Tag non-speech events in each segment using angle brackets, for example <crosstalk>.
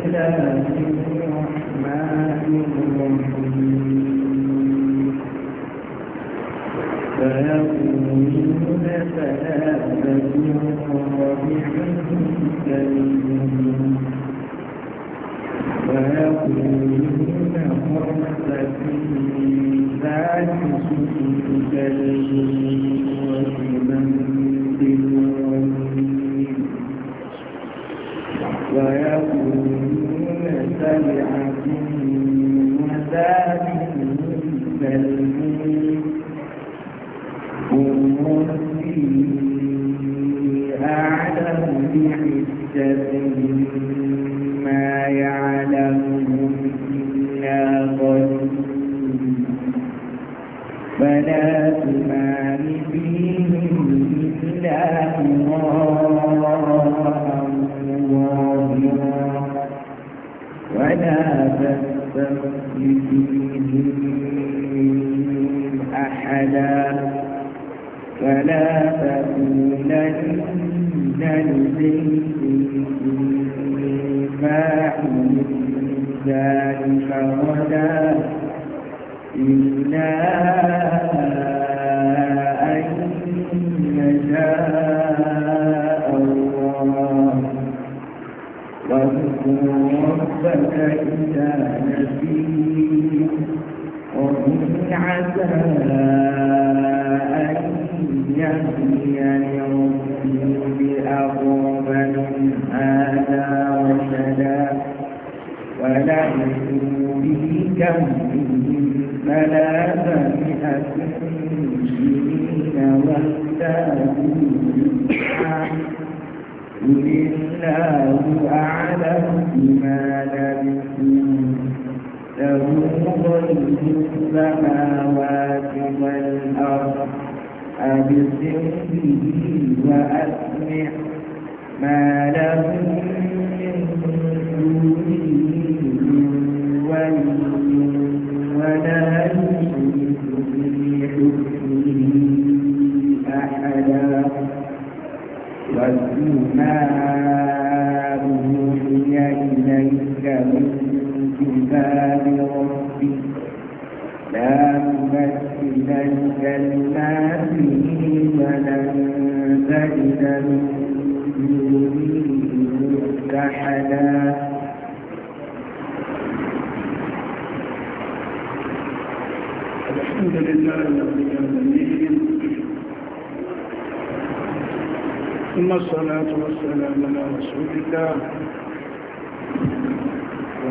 الله الرحمن الرحيم فيقولون ثلاثة ربعهم كريم ويقولون خمسة ذات سوء كريم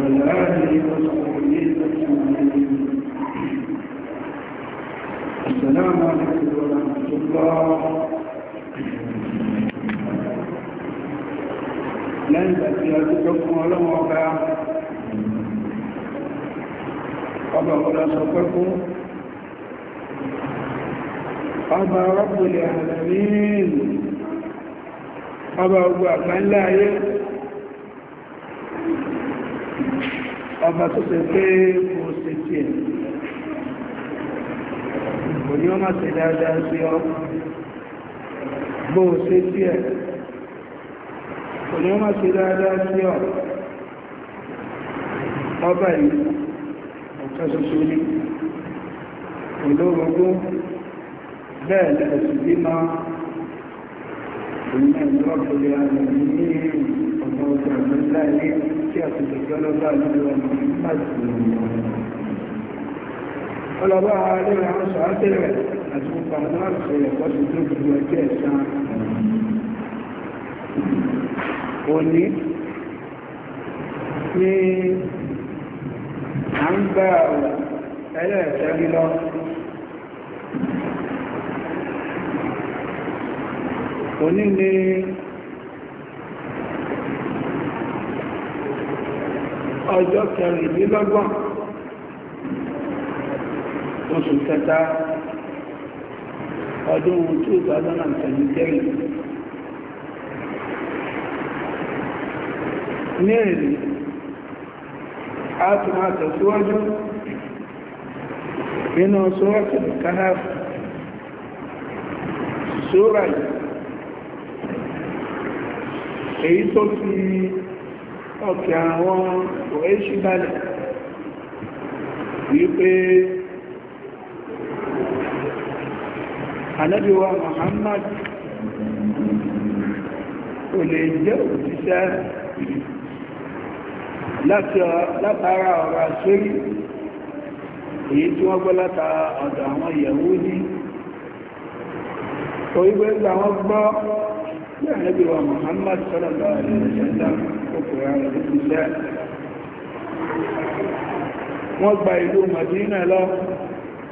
والآل وصحبه أجمعين السلام عليكم ورحمة الله لن تأتيكم ولا وقع أبا ولا صفكم أبا رب العالمين أبا أبو أمان لا يكفر ọba tó ṣe pé kò ṣe tí ẹ̀ kò ní ó má ṣe dáadáa sí ọ bó ṣe tí ẹ̀ kò ní ó má ṣe dáadáa sí ọ ọba yìí ọ̀kan ṣoṣo ní olóògùn bẹ́ẹ̀ lẹ́ẹ̀sì bí máa ìrìnà ìlú ọ̀pọ̀lẹ̀ àwọn ìrìnà ọ̀pọ̀lẹ̀ àgbẹ̀lá ilé tí a ti lè jọ lọ́gbà nínú ọmọ láti ọlọ́bá alẹ́rẹ̀ àwọn sọ́átẹ̀rẹ̀ àti gbogbo àwọn àṣẹyẹ̀ pọ́sí tó gbogbo ẹjẹ́ ẹ̀sán òní ní à ń gbá ẹlẹ́ẹ̀ẹ́rí lọ òní ni ọjọ́ kẹrìnlélọ́gbọ̀n oṣù kẹta ọdún 2023 ní èrè a tún máa tẹ̀síwájú nínú sọ́rọ̀tì kánáàfù sóra yìí èyí tó fi ọkẹ̀ àwọn òẹ́ṣì balẹ̀ wípé anábíwá Muhammad kò lè jẹ́ òjíṣẹ́ látara ọ̀rọ̀ sórí èyí tí wọ́n gbọ́ látara ọ̀dọ̀ àwọn Yahudi orígbẹ́gbẹ́ àwọn gbọ́ ní ànábì wa Muhammad sallallahu alaihi wasallam ọkùnrin àwọn ìṣẹ́ wọ́n gba ìlú Madina lọ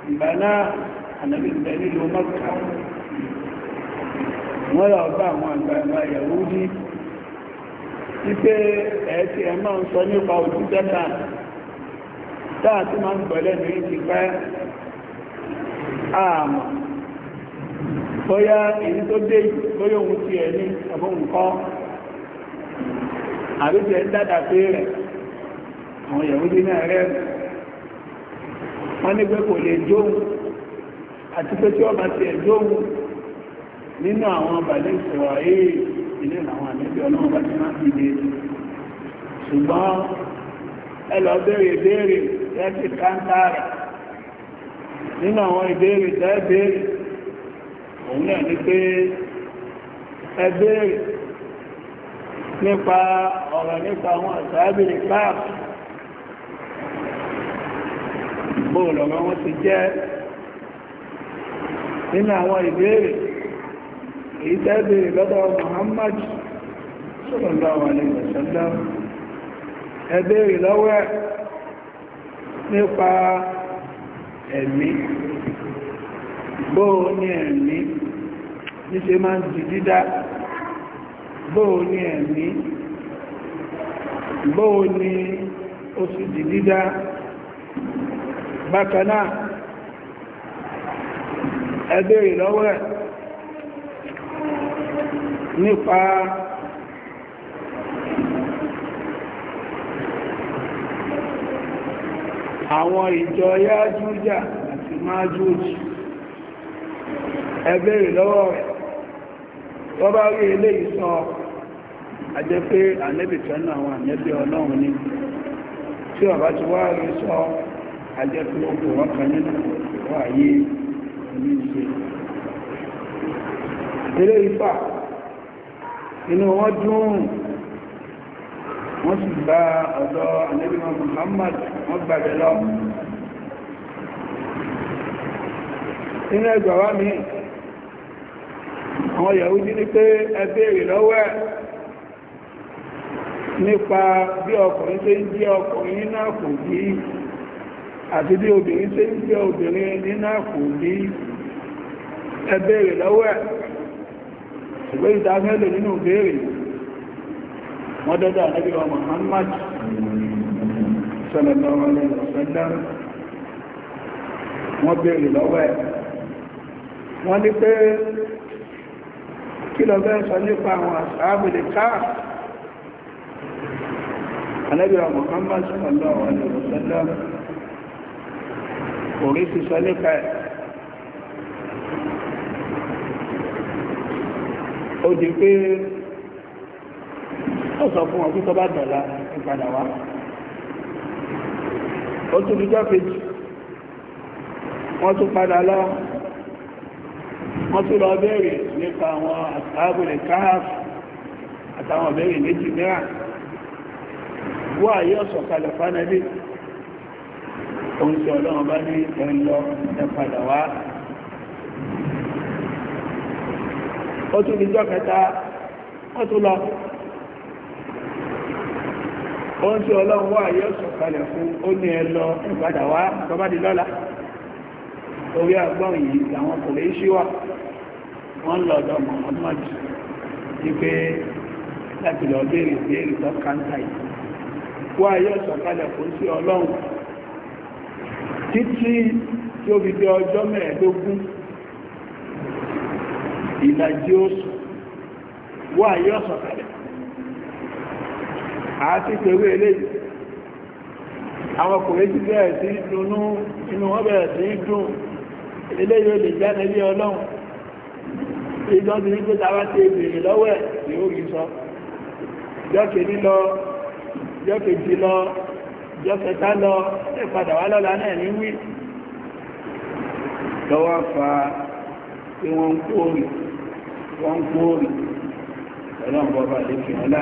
ìgbà náà ànábì ìgbà nílùú Mọ́kà wọ́n lọ bá àwọn àgbààgbà Yahudi wípé ẹ̀ẹ́tì ẹ̀ máa ń sọ nípa ojú bóyá èyí tó dé bóyá ohun ti ẹ̀ ní nǹkan àbíjẹ ń dádà pé rẹ̀ àwọn yẹ̀wúdí náà rẹ̀ wọ́n ní kò lè jóhun àti pé tí ọba ti ẹ̀ jóhun nínú àwọn bàlẹ̀ ìṣòwò èé ilé làwọn àmẹ́bí ọlọ́run bá òun náà ní pé ẹgbẹ́rẹ̀ nípa ọ̀rọ̀ nípa àwọn àtàbìrì káàkì bóòlù ọ̀rọ̀ wọn ti jẹ́ nínú àwọn ìbéèrè èyí tẹ́bẹ̀rẹ̀ lọ́dọ̀ Muhammad sallallahu alaihi wasallam ẹbẹ̀rẹ̀ lọ́wẹ́ nípa ẹ̀mí bóò ní ẹ̀mí níṣe máa ń di dídá bóò ní ẹ̀mí bóò ní oṣù di dídá bákanáà ẹgbẹ́ ìlọ́wọ́ ẹ̀ nípa àwọn ìjọ yájújà àti májújì ẹgbẹ́ ìlọ́wọ́ rẹ̀ wọ́n bá rí ilé ìsọ àjẹ́ pé ànẹ́bìtẹ́ náà àwọn ànẹ́bì ọlọ́run ní tí ọ̀bá ti wá rí sọ àjẹ́ pé ó kò wọ́n kan nínú wọ́n sì gba ọ̀dọ̀ ànẹ́bì Muhammad wọ́n gbàgbẹ́ lọ inú ẹgbàá wa àwọn yahudi ní pé ẹbẹ̀rẹ̀ lọ́wọ́ nípa bí ọkùnrin tí ń jẹ́ ọkùnrin nínú àkùn bí àti bí obìnrin tí ń jẹ́ obìnrin nínú àkùn bí ẹbẹ̀rẹ̀ lọ́wọ́ ṣùgbọ́n ìdáfẹ́lẹ̀ nínú ìbéèrè wọ́n dọ́dọ̀ àdábíwá Muhammad kí lọ bẹ́ẹ̀ sọ nípa àwọn àṣàbìlì káà anábíà Muhammad sallallahu alaihi wasallam orí ti sọ nípa ẹ̀ ó di pé ó sọ fún ọdún tó bá dọ̀la ìpadà wá ó tún dijọ́ kejì wọ́n tún padà lọ wọ́n tó lọ bẹ̀rẹ̀ nípa àwọn àtàbùlẹ̀ káàfù àtàwọn bẹ̀rẹ̀ méjì mìíràn wọ́n àyè ọ̀sọ̀ kalẹ̀ fánẹ́lì òun tí ọlọ́run bá ní ẹ̀lọ ẹ̀padà wá ó tún níjọ́ kẹta ó tún lọ òun tí ọlọ́run wà yóò sọ̀kalẹ̀ fún ó ní ẹ̀lọ ẹ̀padà wá tọ́bádìlọ́la orí àgbọ̀n yìí làwọn kò lè ṣíwà wọ́n lọ́dọ̀ Muhammad ní pé láti lọ béèrè béèrè tó káńtà yìí wá yóò sọ̀kalẹ̀ fún sí ọlọ́run títí tí ó fi di ọjọ́ mẹ́ẹ̀ẹ́dógún ìlàjí oṣù wá yóò sọ̀kalẹ̀ àti pẹ̀lú eléyìí àwọn ọkùnrin ti bẹ̀rẹ̀ sí dùnú inú wọn bẹ̀rẹ̀ sí dùn eléyìí ó lè jáde ilé ọlọ́run ìjọ ti ní pé tàbá ti bèèrè lọ́wọ́ ẹ̀ ni ó rí sọ jọ́kèjì lọ jọ́kèjì lọ jọ́kẹta lọ ẹ padà wá lọ́la náà ní wí lọ́wọ́ fa pé wọ́n ń kóòrì wọ́n ń kóòrì ọlọ́mọba lè fi ọlá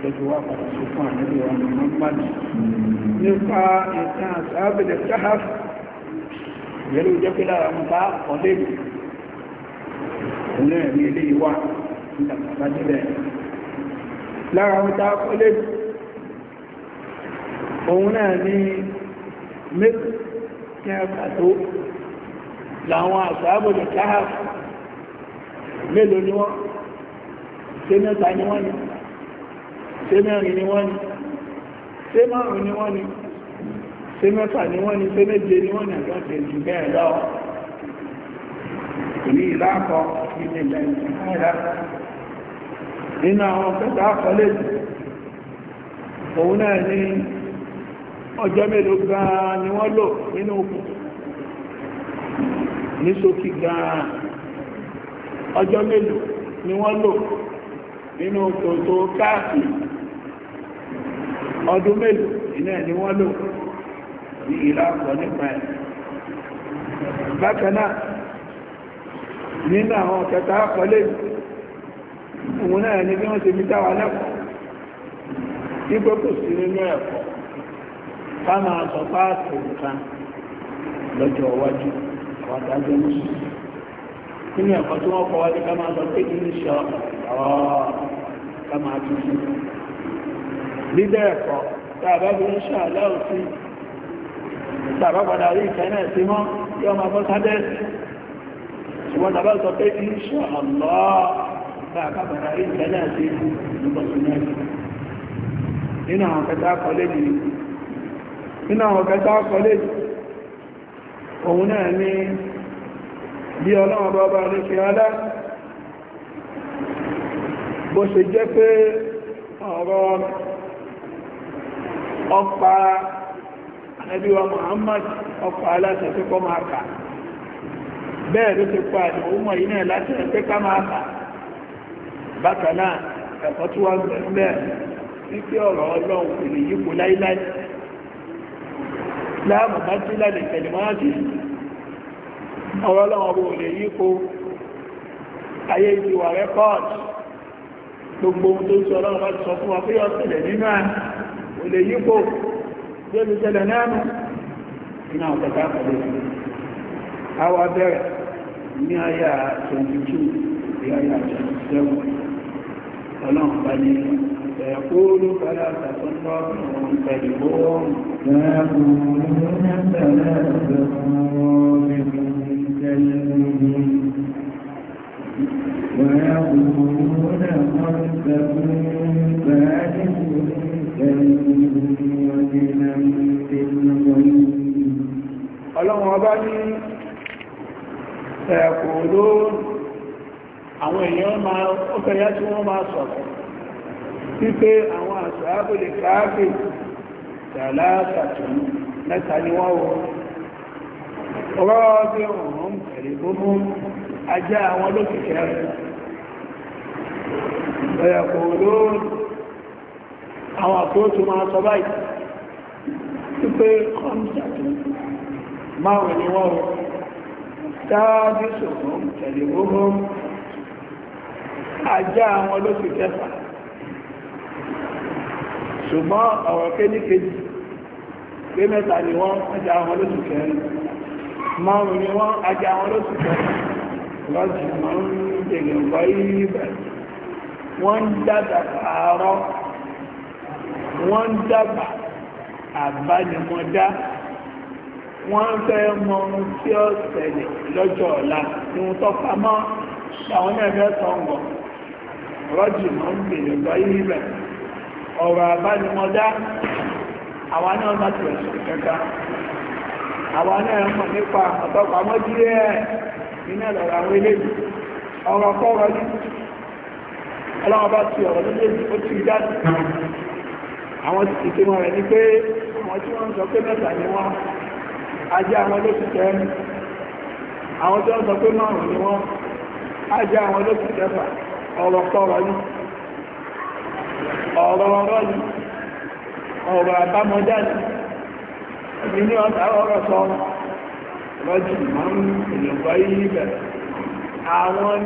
lójú wá padà sí fún àníbí wọn ni wọ́n pàdé nípa ìtàn àṣà àbẹ̀lẹ̀ sáhàf ìyẹ́lú jẹ́ pé lára mú bá ọ̀lẹ́gbẹ̀ẹ́ ìlú ẹ̀mí ilé ìwà ìtàkàtà nílẹ̀ lára ń ta kọ́lé òun náà ní mẹ́kù tí a kàtó láwọn àṣàbòdì káà mélòó ni wọ́n ṣe mẹ́ta ni wọ́n ni ṣe mẹ́rin ni wọ́n ni ṣe márùn ni wọ́n ni ṣe mẹ́fà ni wọ́n ni ṣe méje ni wọ́n ni àjọ́ èyí ìlàkọ̀ ilẹ̀ ìlẹ̀ nínú àwọn pẹ́ta kọlẹ̀dì òun náà ní ọjọ́ mélòó gan-an ni wọ́n lò nínú òkú ní ṣókí gan ọjọ́ mélòó ni wọ́n lò nínú tòótó káàkiri ọdún mélòó iná ni wọ́n lò ní ìlàkọ̀ nípa ẹ̀ bákanáà nínú àwọn ọ̀kẹta àkọlé òun náà ní bí wọ́n ti fi dáwà lẹ́kọ̀ọ́ ipò kò sí nínú ẹ̀kọ́ ká máa sọ páàtì nǹkan lọ́jọ́ iwájú àwọn adájọ́ mùsùlùmí nínú ẹ̀kọ́ tí wọ́n kọ́ wájú ká máa sọ pé kìí ṣe ọ̀rọ̀ ká máa tún sí lídẹ́ ẹ̀kọ́ tá a bá fi ń ṣe àlẹ́ òsì tá a bá padà rí ìfẹ́ náà sí mọ́ yọ máa bọ́ sábẹ́ẹ̀sì ṣùgbọ́n tàbá sọ pé insha Allah bá àkàbàrà rí ìtẹ́lẹ̀ àti ìbọ̀sùn náà nínú àwọn kẹta kọlẹ́jì nínú àwọn kẹta kọlẹ́jì òun náà ní bí ọlọ́run bá bá ní fi alá bó ṣe jẹ́ pé ọ̀rọ̀ ọpa ẹbí wa Muhammad ọpa aláṣẹ́ pípọ́ máa kàá bẹ́ẹ̀ ló ti pa àdìmọ̀ yìí náà láti ẹgbẹ́ ká máa kà bákan náà ẹ̀kọ́ tí wọ́n gbẹ̀ bẹ́ẹ̀ wípé ọ̀rọ̀ ọlọ́run kò lè yípo láíláí láàmù bá tí lálẹ́ tẹ̀lẹ̀mọ́tì ọ̀rọ̀ ọlọ́run ọbọ̀ lè yípo ayé ìtiwà rẹ́kọ́ọ̀tì gbogbo ohun tó sọ ọlọ́run bá ti sọ fún wa pé ọ̀sẹ̀lẹ̀ nínú à ò lè yípo lórí tẹ̀lẹ̀ náà nù iná ọ̀tẹ̀ká pẹ̀lú àwọn abẹ́rẹ̀ ní àyà 22 ní àyà 27 ọlọ́run bá ní ẹ̀kúrú fẹ́lá àtàkọ́lọ́ ọ̀run pẹ̀lú ọ̀run ويقولون قد تكون فاتح كالمؤمن ومن في الغيب ọlọ́run ọba ní ẹ̀kùnlóòrùn àwọn èèyàn máa ó fẹ́yá tí wọ́n máa sọ̀rọ̀ wípé àwọn àṣà káàkì tààlá sàtún mẹ́ta ni wọ́n wọ́n ọ̀rún pẹ̀lú gbogbo ajá àwọn olókìkẹ́ rẹ̀ ẹ̀kùnlóòrùn àwọn àkóòtù sáàdìsù fún tẹ̀lé gbogbo ajá àwọn olóṣù kẹfà ṣùgbọ́n ọ̀rọ̀ kéníkejì pé mẹ́ta ni wọ́n ajá àwọn olóṣù kẹrin márùn ni wọ́n ajá àwọn olóṣù kẹfà lọ́jì wọ́n ń dàgbà wọ́n fẹ́ mọ ohun tí ó ṣẹlẹ̀ lọ́jọ́ ọ̀la tí wọ́n tọ́ pamọ́ àwọn náà fẹ́ sọ ǹgọ̀ rọ́jì mọ́ ń bèèrè lọ yìí rẹ̀ ọ̀rọ̀ àbánimọ́dá àwọn náà má ti ẹ̀sùn kẹta àwọn náà mọ̀ nípa ọ̀tọ́pamọ́ díẹ̀ iná lọ́rọ̀ àwọn eléyìí ọ̀rọ̀ kọ́rọ̀ ní ọlọ́wọ́ bá ti ọ̀rọ̀ lójèjì ó ti àwọn ìtumọ̀ rẹ̀ ni pé àwọn tí wọ́n ń sọ pé mẹ́ta ni wọ́n ajá àwọn lóṣù kẹrin àwọn tó ń sọ pé márùn ni wọ́n ajá àwọn lóṣù kẹfà ọ̀rọ̀ kọ̀rọ̀ ni ọ̀rọ̀ ọ̀rọ̀ ni ọ̀rọ̀ àbámọ́já ni ẹ̀mí ní ọ̀tà ọ̀rọ̀ sọ rọ́jì máa ń ìlọ̀gbọ́ yìí bẹ̀rẹ̀ àwọn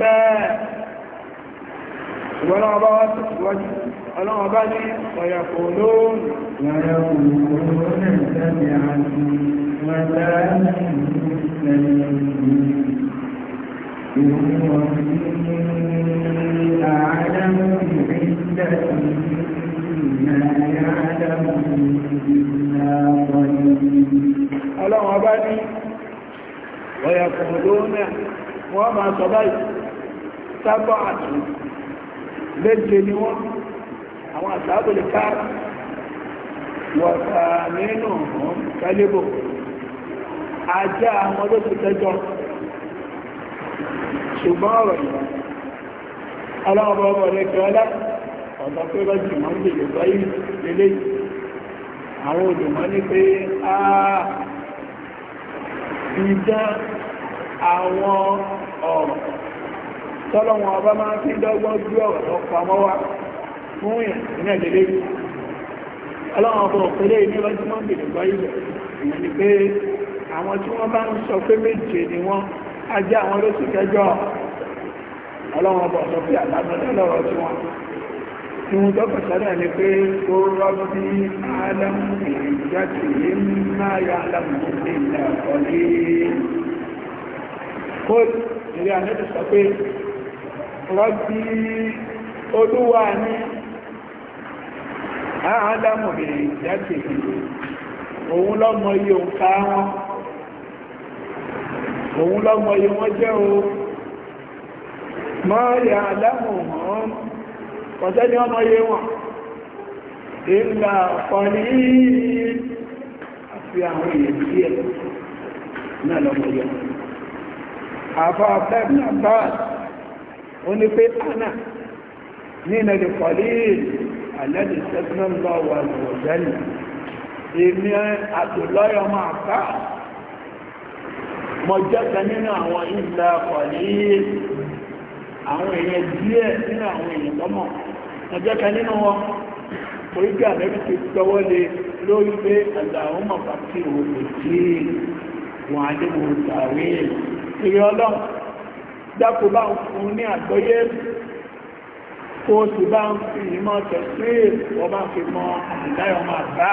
náà ولا ولا والعباد ويقولون ويقولون سمعا وتعلم أعلم بعدتي ما يعلم إلا قليل ألا عبادي ويقولون وما صبيت سبعة méje ni wọ́n àwọn àtàbòlẹ̀ káà wọ̀ta nínú ọ̀hún kálébò ajá àwọn ló ti tẹ́jọ́ ṣùgbọ́n ọ̀rọ̀ ìwọ̀n ọlọ́ọ̀bọ̀ ọmọ rẹ̀ kí ọlá ọ̀tọ̀ pé bá jù mọ́ jù lè báyìí lélé àwọn olùmọ́ ní pé àà ìdá àwọn ọ̀rọ̀ tọ́lọ́wọ́n ọba máa fi dọ́gbọ́n gbé ọ̀rọ̀ tó pamọ́ wá fún yàn ní ẹ̀lẹ́lẹ́ ọlọ́wọ́n ọba òpèlé ní ọjọ́ mọ́ gbèdùgbọ́ ilẹ̀ ìyẹn ni pé àwọn tí wọ́n bá ń sọ pé méje ni wọ́n ajá àwọn lóṣù kẹjọ ọlọ́wọ́n ọba sọ lọ́rọ̀ tí wọ́n tí wọ́n tọ́kọ̀ ni pé ó rọ́bí alámù ìjáde ní rọ́bí olúwa ní àádámù rẹ̀ òun lọ́mọ iye wọn òun lọ́mọ wọ́n jẹ́ o mọ́ rí àádámù wọn kọ̀tẹ́ ní ọmọ iye wọn ìlà àti àwọn èèyàn díẹ̀ náà lọ́mọ ó ní pé ana nínú ẹni kọ̀lí àlẹ́dì sẹ́gbọ́n lọ wà lọ́jẹ́lì èmi àtòlọ́yọ̀ máa ká mọ̀ jẹ́ta nínú àwọn ìlà kọ̀lí àwọn èèyàn díẹ̀ nínú àwọn èèyàn lọ́mọ̀ mọ̀ jẹ́ta nínú wọn orígbé àlẹ́bí ti tọwọ́ lé lórí pé àlàó mọ̀ pàtí òwò tí wọ́n á dé wọ́n tàwé ìrẹ́ ọlọ́run dákò bá ń fún ní àgbọ́yé kó sì bá ń fi ìmọ̀ tẹ̀sí wọ́n bá ń fi mọ àdáyọ̀ ọmọ àbá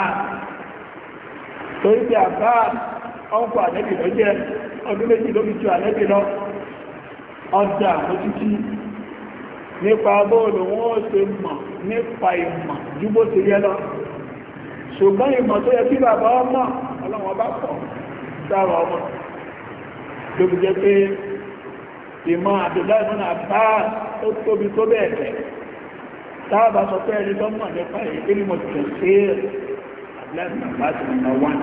torí pé àbá ọkọ̀ àlẹ́bì lọ jẹ́ ọdún méjì ló fi ju àlẹ́bì lọ ọjà àmójútí nípa bóòlù wọn ó ṣe mọ̀ nípa ìmọ̀ ju bó ṣe yẹ lọ ṣùgbọ́n ìmọ̀ tó yẹ kí bàbá ọmọ ọlọ́wọ́n bá pọ̀ sára ọmọ ló jẹ́ pé ìmọ̀ Abdullahi ibn Abbas ó tóbi tó bẹ́ẹ̀ bẹ̀ táàbà sọ pé ẹni tó mọ̀ nípa ìpínlẹ̀ mọ̀ tó ṣe Abdullahi ibn Abbas nà wọ́n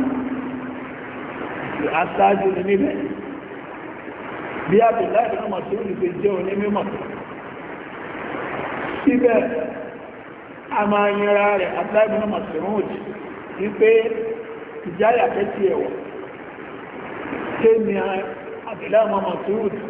aṣáájú ní níbẹ̀ bí Abdullahi ibn Abbas tó ní ti jẹ́ onímọ̀ síbẹ̀ a máa yẹra rẹ̀ Abdullahi ibn Abbas tó ń jì wípé ìjáyà kẹ́tì ẹ̀wọ̀ kéèmì Abdullahi ibn Abbas tó ń jì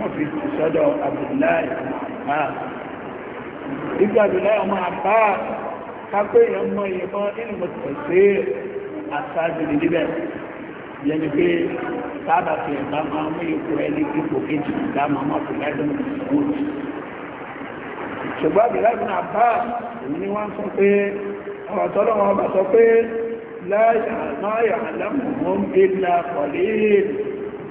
wọ́n fi sọ́dọ̀ Abdullahi Abbas ìgbà Abdullahi ọmọ Abbas kápé èèyàn mọ ìyẹ̀bọn nínú mọ̀tò sí àṣáájú ní níbẹ̀ yẹni pé sábà fi ẹ̀bá máa mú ipò ẹni ipò kejì ìgbà máa má fi láì lọ́nà ìṣòwò ṣùgbọ́n Abdullahi ọmọ Abbas òun ni wọ́n sọ pé ọ̀rọ̀ tọ́lọ́ wọn bá sọ pé láyà máa yà lámùmọ́ ilà kọ̀lẹ́ẹ̀lì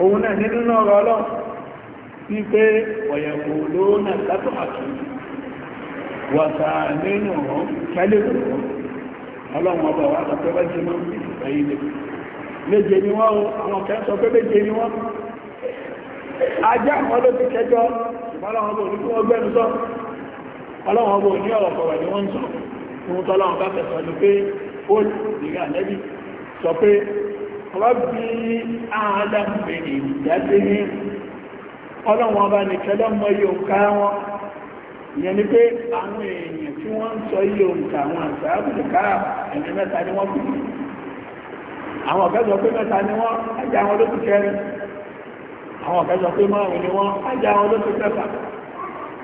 òun náà nínú náà rọ ọlọ́run wípé ọ̀yẹ̀kò ló náà látọ̀ àtò wàtà nínú ọ̀rọ̀ kẹ́lẹ̀ ọ̀rọ̀ ọlọ́run ọba wà sọ pé bá jẹ́ mọ́ ìfẹ́ ilé méje ni wọ́n o àwọn kẹ́ sọ pé méje ni wọ́n ajá àwọn ọlọ́run ọba òní wọ́n ọ̀rọ̀ ni wọ́n ń sọ rọ́bí àádọ́mì ìdádéhé ọlọ́wọ́n bá ní kẹlọ́mọ́ yóò ká wọn ìyẹn ni pé àwọn èèyàn tí wọ́n ń sọ yóò ká wọn àṣàbùdù ká ẹ̀mí mẹ́ta ni wọ́n fi àwọn ọ̀kẹ́sọ̀ pé mẹ́ta ni wọ́n ajá wọn ló ti kẹrin àwọn ọ̀kẹ́sọ̀ pé márùn ni wọ́n ajá wọn ló ti kẹfà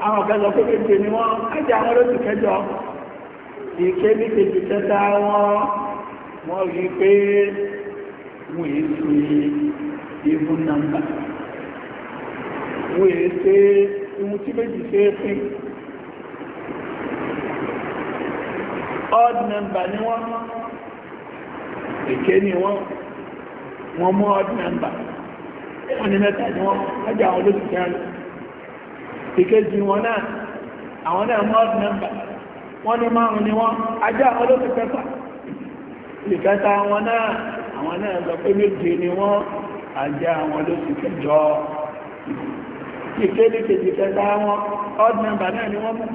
àwọn ọ̀kẹ́sọ̀ pé méje ni wọ́n ajá wọn ló ti kẹjọ ìké ní kẹta wọn wọ́n rí pé wọ́n èé fi ihun nàmbà wọ́n èé ṣe ihun tí méjì ṣe é pín odd number ni wọ́n èké ni wọ́n wọ́n mú odd number wọ́n ní mẹ́ta ni wọ́n ọjà àwọn olóṣìṣẹ́ rẹ̀ ìkéjì wọn náà àwọn náà mú odd number wọ́n ní márùn ni wọ́n ajá àwọn olóṣìṣẹ́ pẹ̀lú ìkẹta wọn náà àwọn náà sọ pé méje ni wọ́n àjẹ́ àwọn ló sì kẹjọ ìkéde kejì kẹta wọn odd number náà ni wọ́n mú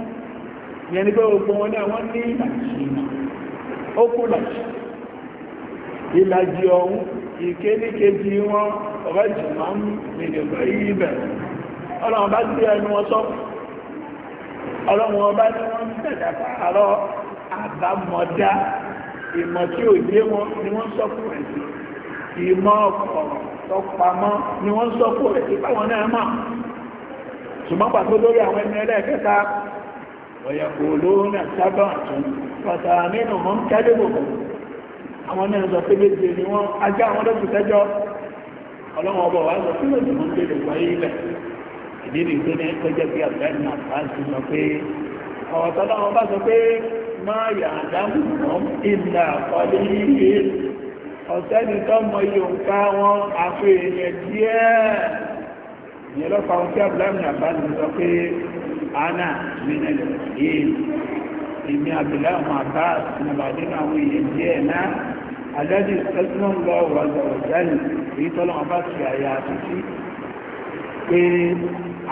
ìyẹn ni pé gbogbo wọn náà wọ́n ní ìlàjì ọ̀hún ìkéde wọn ọ̀rẹ́ wọ́n ń tẹ̀dà pààrọ̀ ìmọ̀ tí ò yé wọn ni wọ́n sọ́kù rẹ̀ sí ìmọ̀ ọ̀pọ̀ tọpamọ́ ni wọ́n sọ́kù rẹ̀ sí táwọn náà mọ̀ ṣùgbọ́n pàtó lórí àwọn ẹni ẹlẹ́ẹ̀kẹta ọ̀yẹ̀kọ̀ olóòrùn sábà tún pàtà nínú mọ́ ń kẹ́lé gbogbo àwọn náà sọ pé méje ni wọ́n ajá àwọn lọ́sù tẹ́jọ́ ọlọ́wọ́ ọbọ̀ wá sọ pé méje mọ́ ń máa yà àdámù wọn ìlà ọ̀lẹ́ yìí ọ̀sẹ́ni tó mọ iye òǹkà wọn àfi èèyàn díẹ̀ ìyẹn lọ́pàá ohun tí abúláàmì àbáni sọ pé ana mìnẹ̀lẹ̀ yìí èmi abúláàmì àbá nàbàdé àwọn èèyàn díẹ̀ náà alẹ́dì ẹgbẹ́n lọ wọ̀lọ̀wọ̀lẹ́lì èyí tọ́lọ́wọ́ bá ti àyà àtúntí pé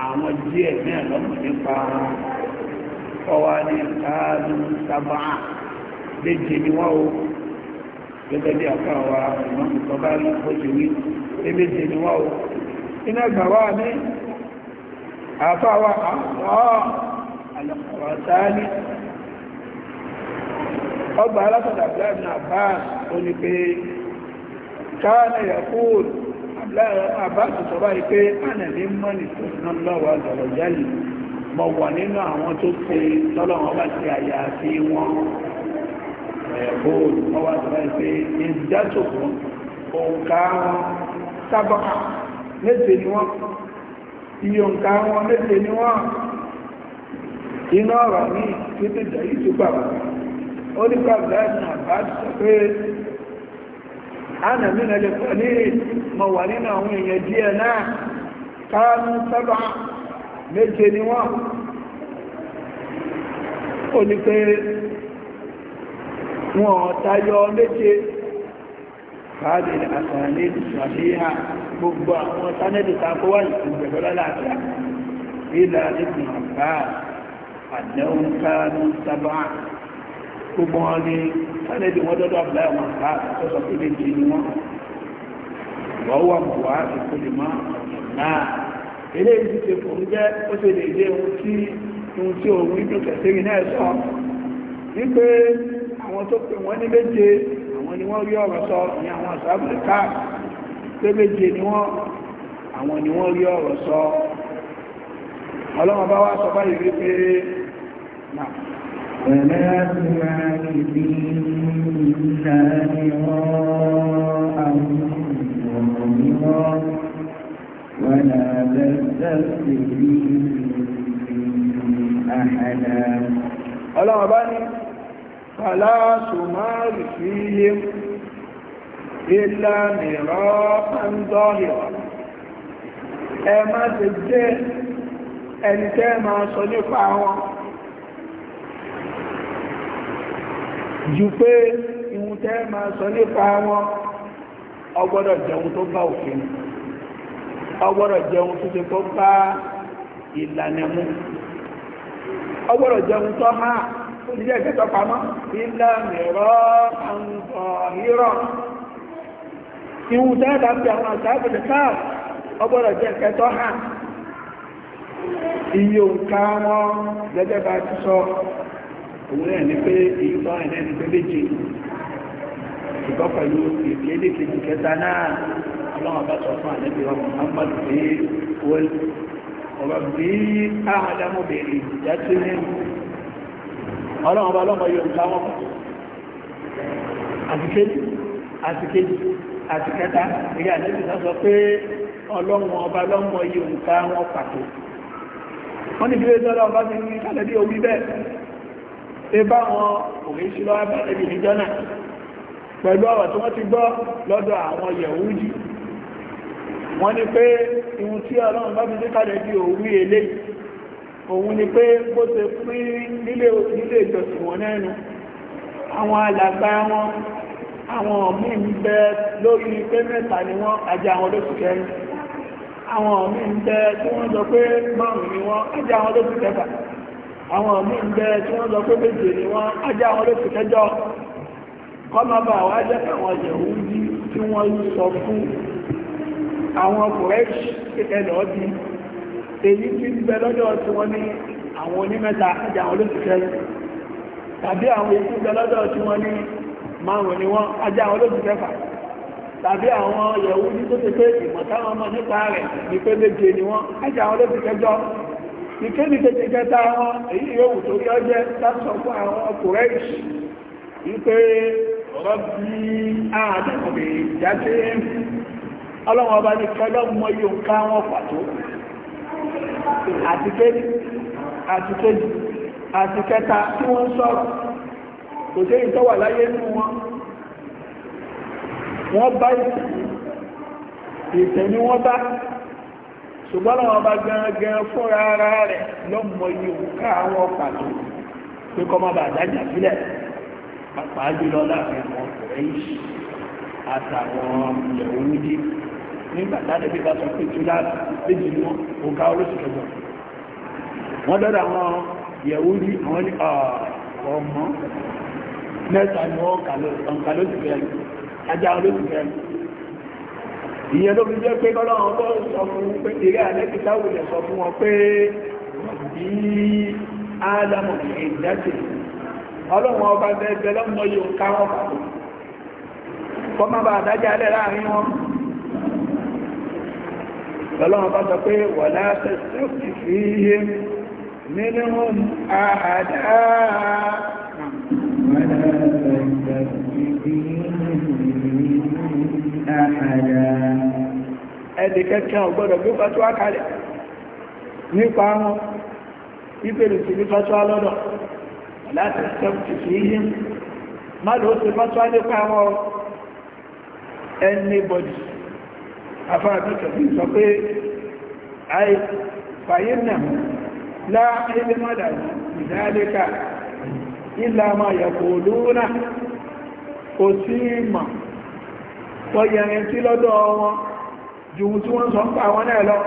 àwọn díẹ̀ náà lọ́mọ kọwa ní káàdù sábàá léje ni wọ́n o gẹ́gẹ́ bí àká wa ìmọ̀n ìtọ́bá ní oṣù wí léje ni wọ́n o iná gbà wá ní àfá wa àwọn àlọ́kọ̀wà sáálí ọgbà alásọ̀dà mọ̀ wà nínú àwọn tó ṣe lọ́lọ́wọ́ bá ṣe àyà àti wọn ẹ̀bọ́ olùmọ́wà tó bá ṣe òǹkà wọn sábàkà méje ni wọ́n iye òǹkà wọn méje ni wọ́n iná ọ̀rọ̀ ní ìpínlẹ̀ ìtúgbà ó ní àbá ana lè mọ̀ wà nínú àwọn èèyàn díẹ̀ náà méje ni wọ́n ó ní pé wọ́n tayọ méje káàdì àtàrí ìṣàfihà gbogbo àwọn sánẹ́dì tako wà ìgbẹ̀lọ́lá láàrín ilẹ̀ ìpín àbá àdẹ́hùn káàdì sábà gbogbo wọn ni sánẹ́dì wọ́n dọ́dọ̀ àbúlá àwọn àbá tó sọ pé eléyìí ti ṣe fòun jẹ́ ó ṣe lè dé ohun tí ohun tí òun ń dùn kẹsìrì náà sọ wípé àwọn tó pè wọ́n ní méje àwọn ni wọ́n rí ọ̀rọ̀ sọ ní àwọn àṣàbùlẹ̀ káà pé méje ni wọ́n àwọn ni wọ́n rí ọ̀rọ̀ sọ ọlọ́mọba wá sọ báyìí wípé náà ولا تماكب إلا مراء ومراء ولا تستفد أحدا الله بني فلا تمار فيهم إلا مراء ظاهرا ẹ̀má ti jẹ́ ẹni tẹ́ máa sọ nípa wọn jù pé ìhun tẹ́ máa sọ nípa wọn ọgbọ́dọ̀ jẹun tó bá òfin ọgbọ́dọ̀ jẹ́ ohun tó ṣe tó bá ìlànà mú ọgbọ́dọ̀ jẹ́ ohun tó há tó ti jẹ́ ìkẹtọ́ pamọ́ ìlànà ẹ̀rọ àǹtọ̀ hírọ̀ ìhun tẹ́ bá fi àwọn àṣàbìnrin káà ọgbọ́dọ̀ jẹ́ ìkẹtọ́ há iye òǹkà wọn gẹ́gẹ́ bá ti sọ òun náà ní pé ìyíkọ́ ẹ̀ ní pé méje ṣùgbọ́n pẹ̀lú ìkéde kejì kẹta náà ọlọ́run bá sọ fún àlẹ́bí wa muhammadu pé wọ́n ọ̀rọ̀ bí áhàdámù bèèrè ìdájú ní ọlọ́run bá lọ́mọ yóò ká wọn àti kejì àti kejì àti kẹta ìyá àlẹ́bí sọ sọ pé ọlọ́run ọba lọ́mọ yóò ká wọn pàtó wọ́n ní bí ó sọ́lọ́ ọba ti ní kálẹ̀bí òwú bẹ́ẹ̀ pé báwọn òwe sílọ́ abẹ́lẹ́bí níjọ́ náà pẹ̀lú ọ̀rọ̀ tí wọ́n ti gbọ́ lọ́dọ̀ àwọn yẹ̀wújì wọ́n ní pé ihun tí ọlọ́run bá fi sí kalẹ̀ bí òwú elé òun ni pé bó ṣe pín nílé ìjọsìn wọn nẹ́nu àwọn alàgbà wọn àwọn míì ń bẹ lórí pé mẹ́ta ni wọ́n ajá àwọn lóṣù kẹrin àwọn míì ń bẹ tí wọ́n sọ pé márùn ni wọ́n ajá àwọn lóṣù kẹfà àwọn míì ń bẹ tí wọ́n sọ pé méje ni wọ́n ajá àwọn lóṣù kẹjọ kọ́mọba àwọn ajẹ́ káwọn yẹ̀húdí tí wọ́n sọ fún àwọn kòrẹ́ṣì èyí tí ń bẹ tí wọ́n ní àwọn onímẹ́ta ajá àwọn olóṣìṣẹ́ tàbí àwọn èyí tí ń bẹ tí wọ́n ní márùn ni wọ́n àwọn tàbí àwọn tó ti pé nípa rẹ̀ ní pé méje ni wọ́n ajá àwọn olóṣìṣẹ́ jọ ìkéde kẹta wọn èyí yóò wù wípé rọ́bí àádọ́kùnrin ìjáde ọlọ́wọ́ ọba ní kọlọ́mọ yóò ká wọn pàtó àti kéjì àti kéjì àti kẹta tí wọ́n sọ̀rọ̀ kò sí ìtọ́wà láyé nínú wọn wọ́n bá ìtẹ̀ ni wọ́n bá ṣùgbọ́n àwọn ọba gangan fúnra ara rẹ̀ lọ́mọ yóò ká wọn pàtó pé kọ́ má bàa sílẹ̀ pàápàá jùlọ láàrin àwọn ọkùnrin àtàwọn ìyẹ̀wò méjì nígbà táwọn ẹbí bá sọ pé tí láti méjì ni wọn kò ká oríṣi kẹgbọn wọn lọ́dọ̀ àwọn ìyẹ̀wò rí àwọn ní ah, ọmọ mẹ́ta ni wọ́n kà lóṣù kẹrin ajá olóṣù kẹrin ìyẹn ló fi jẹ́ pé lọ́lọ́run tó sọ fún pé eré alẹ́ ti táwùlẹ̀ sọ fún wọn pé bí ádámù ìdájẹ́ ọlọ́run ọba bẹ́ẹ̀ lọ́mọ yóò ká wọn kọ́ má bàa dájà lẹ̀ láàrin wọn ọlọ́run bá sọ pé wà láti sọ́kì fi yé nínú àádá ẹ̀dì kẹ́kẹ́ ọgbọ́dọ̀ bí fàtíwá kalẹ̀ nípa wọn ìbẹ̀rẹ̀ sí ní fàtíwá lọ́dọ̀ láti sẹ́kùtù sí yí má ló ṣe mọ́ tó ádé káwọ́ anybody afáàbí kẹfì sọ pé àì fàyé nà láàrín mọ́dà ìdálẹ́kà ìlà máa yẹ̀kọ̀ olóòrà kò sí ìmọ̀ tó yẹrin sí lọ́dọ̀ wọn ju tí wọ́n sọ ń pa àwọn náà lọ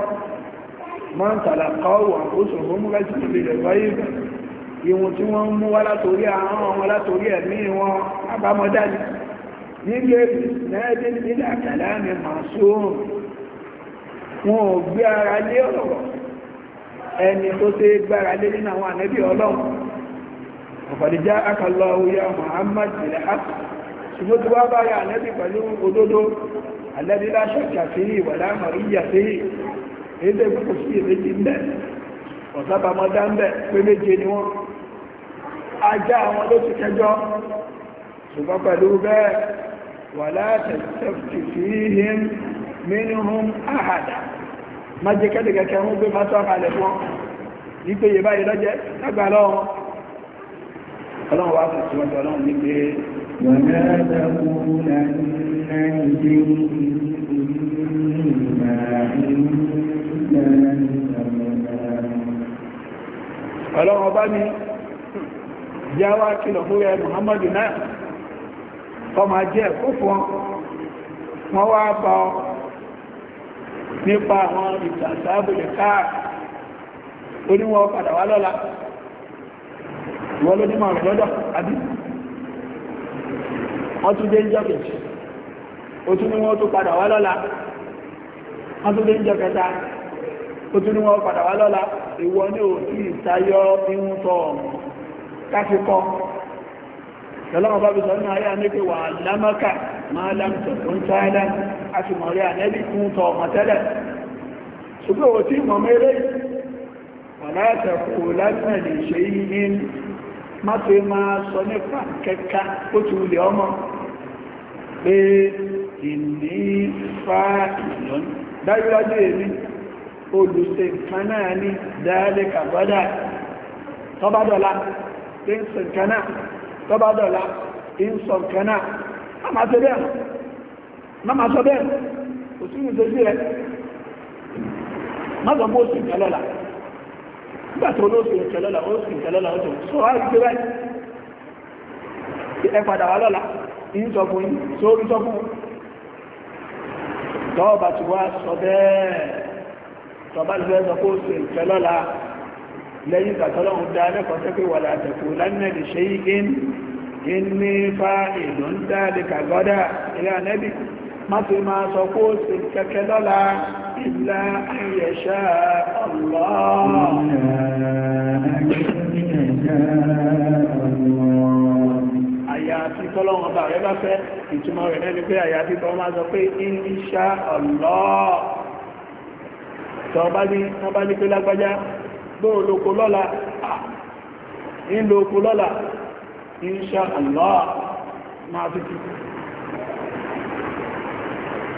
mọ́ ń tàlàkọ́ wà ó sọ fún mú ìwọ̀n tí wọ́n ń mú wá látorí àwọn ọmọ látorí ẹ̀mí wọn abámọ́dájú nílé lẹ́ẹ̀dẹ́ nílé àkàlà mi máa sóòrùn wọn ò gbé ara lé ọ̀rọ̀ ẹni tó ṣe gbára lé nínú àwọn ànẹ́bí ọlọ́run ọ̀pọ̀dìjá akàlọ́ oyá Muhammad ilẹ̀ haka ṣùgbọ́n tí wọ́n bá yà ànẹ́bí pẹ̀lú òdodo ànẹ́bí láṣọ̀kà sí ìwàlá àmàríyà ọ̀sábàmọ́dá ń bẹ̀ pé méje ni wọ́n ajá àwọn ló ti kẹjọ́ ṣùgbọ́n pẹ̀lú bẹ́ẹ̀ wà látẹ̀sẹ̀fì sí ihim mínúhun àhàdà má jẹ́ kẹ́lẹ̀kẹ́kẹ́ wọ́n gbé mátọ́ àkàlẹ̀ fún wípé yẹ báyìí lọ́jẹ́ ọlọ́run ọba ni jáwá kìlọ̀ fún rẹ̀ muhammadu náà ọmọ ajẹ́ ẹ̀kú fún wọn wá bá ọ nípa àwọn ìtàṣàbòlè káà oníwọ̀n padà wá lọ́la ló ní ma ọ lọ́dọ̀ àbí wọ́n tún dé ń jẹ́ o tún ní wọ́n padà wá lọ́la wọ́n tún dé ń o tún ní wọ́n padà wá lọ́la ní láti kọ́ lọ́lọ́wọ́ bá bí sọ ní ayé anékè wà lámọ́kà máa lámtọ̀ tó ń tààdá a ti mọ̀ rí ànẹ́bí fún tọ ọmọ tẹ́lẹ̀ ṣùgbọ́n ò tí mọ̀ mẹ́rẹ́ wà látẹ̀kù lásìnà lè ṣe yí ní má fi tọ́bádọ́lá ìsìnkaná tó bá dọ̀lá ìsìnkaná máa sọ bẹ́ẹ̀ kò sí ìṣẹ́sí rẹ̀ má sọ bó sì ń kẹlọ́la nígbà tó ló sì ń kẹlọ́la ó sì ń kẹlọ́la ó sì ń sọ wáyé gbé báyìí ẹ padà wá lọ́la ń sọ fún yín sórí sọ fún tọ́ọ̀bà tí wá sọ lẹ́yìn ìgbàtọ́lọ́run dá lẹ́kọ̀ọ́ tó pé wàlá àtẹ̀kù lánàdì ṣe ìgín ní fa ìlú ń dáadé kàgọ́dá ilẹ̀ anẹ́bì má ti máa sọ kó sì kẹ́kẹ́ lọ́la ìlà ayẹ̀ṣà àyàfi tọ́lọ́run ọba rẹ̀ bá fẹ́ ìtumọ̀ gbóhùn lóko lọ́la ìlò ah, oko lọ́la insha Allah máa fi kí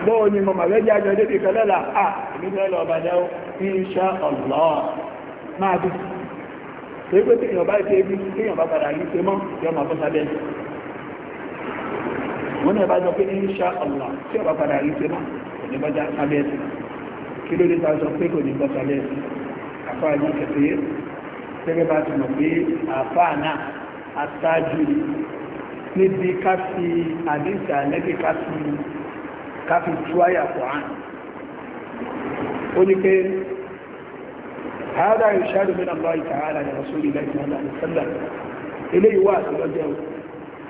gbóhùn ni mọ̀mà lẹ́jì àjọ débi kan lọ́la à ìgbésẹ̀lẹ̀ ọ̀bàdẹ́ insha Allah máa fi kí torí pé tí èèyàn bá ṣe ebi tí èèyàn bá padà yí ṣe mọ́ yọ máa fún sábẹ́ wọ́n náà bá jọ pé insha Allah tí ọba padà yí ṣe mọ́ àfá yìí kẹfẹ́ gẹ́gẹ́ bá ti mọ̀ pé àfá náà aṣáájú níbi ká fi àdíṣà lẹ́bí ká fi tú àyà kọ̀án ó ní pé هذا يشهد من الله تعالى لرسول الله صلى الله عليه وسلم إليه واسع وجهه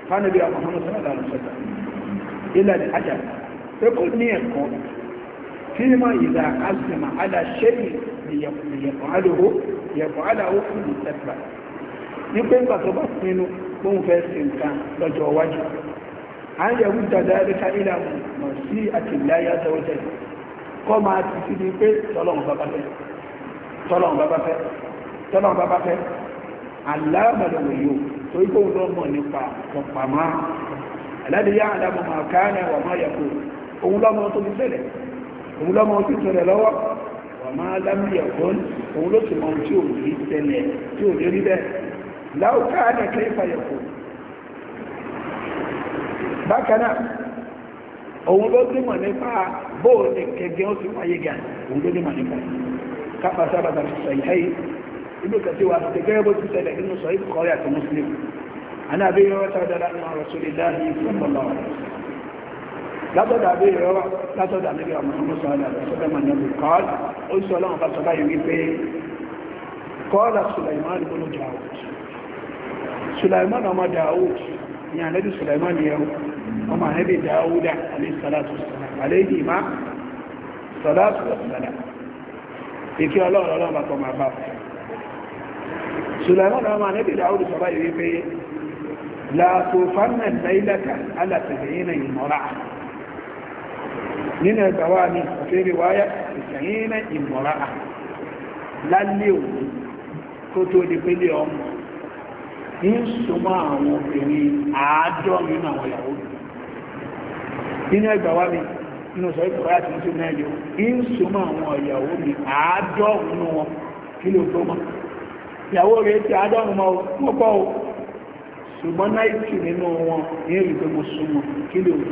كان بها محمد صلى الله عليه وسلم إلا الحجر فقل نيكم فيما إذا قسم على شيء lèyẹ̀fọ̀hálòwò yẹ̀fọ̀hálòwò fún ìtẹ́fà ní pé ń pàtó bá pinnu pé ń fẹ́ sí nǹkan lọ́jọ́ iwájú à ń yẹ̀wù dada ẹ̀ka ilẹ̀ mọ̀ sí àtìláyà tẹ́wọ́tẹ́ kọ́ máa ti fi ni pé tọ́lọ́run bàbá fẹ́ tọ́lọ́run bàbá fẹ́ tọ́lọ́run bàbá fẹ́ aláàmàlòwò yóò torí kó ń lọ mọ̀ nípa ọ̀pàmọ́ òun lọ́mọ tó ti ṣẹlẹ̀ òun lọ́mọ tó ti ṣẹlẹ̀ lọ́wọ́ máa lámìlì ọ̀gbọ́n òun ló sì mọ ohun tí ò ní tẹ́lẹ̀ tí ò ní rí bẹ́ẹ̀ láòká àdẹ̀kẹ́ ìfàyẹ̀kù bákan náà òun ló dímọ̀ nípa bóò ní kẹgẹ́ ó ti wáyé gà òun ló dímọ̀ nípa kápásábàtà ti sọ ìhẹ́ inú kẹtí wa ti gẹ́gẹ́ bó ti tẹ̀lẹ̀ nínú sọ ìkọrẹ́ àti mùsùlùmí anábíyọ́ tàbí dáadáa nínú rọ̀sùlẹ̀ láàrin ìfẹ́ látọ̀dà bí ìrọ́wà látọ̀dà níbi ọmọ ọmọsọ̀ọ́lá sọ́dọ̀mọ̀ nẹ́bù kọ́ọ̀lù ó sọ ọlọ́run bá sọ́bá yìí wípé kọ́ọ̀lá Sulaiman bọ́lú Daud Sulaiman ọmọ Daud ni ànẹ́bì Sulaiman yẹn ọmọ ànẹ́bì Dauda alẹ́sàlátù sọ́lá la tufanna laylata ala 70 imra'a nínú ẹgbàwà ní ìfẹ́rẹ̀ wáyá ìsẹ̀yìnà ìmọ̀ra lálẹ́ òní tó tó di ọmọ ní súnmọ́ àwọn obìnrin àwọn ìyàwó nínú ẹgbàwà nínú sọ ìgbàwà àwọn ìyàwó tó ìyàwó náà nínú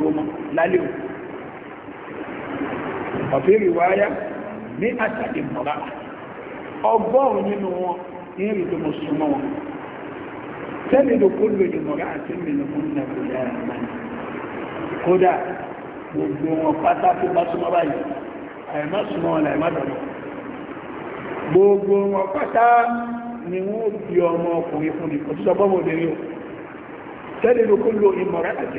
wọn ní tó ọ̀fẹ́rì wáyá ní àtàdé mọ̀lá ọgọ́rùn nínú wọn ní rí tó wọn tẹ́lẹ̀ ló kó àti àti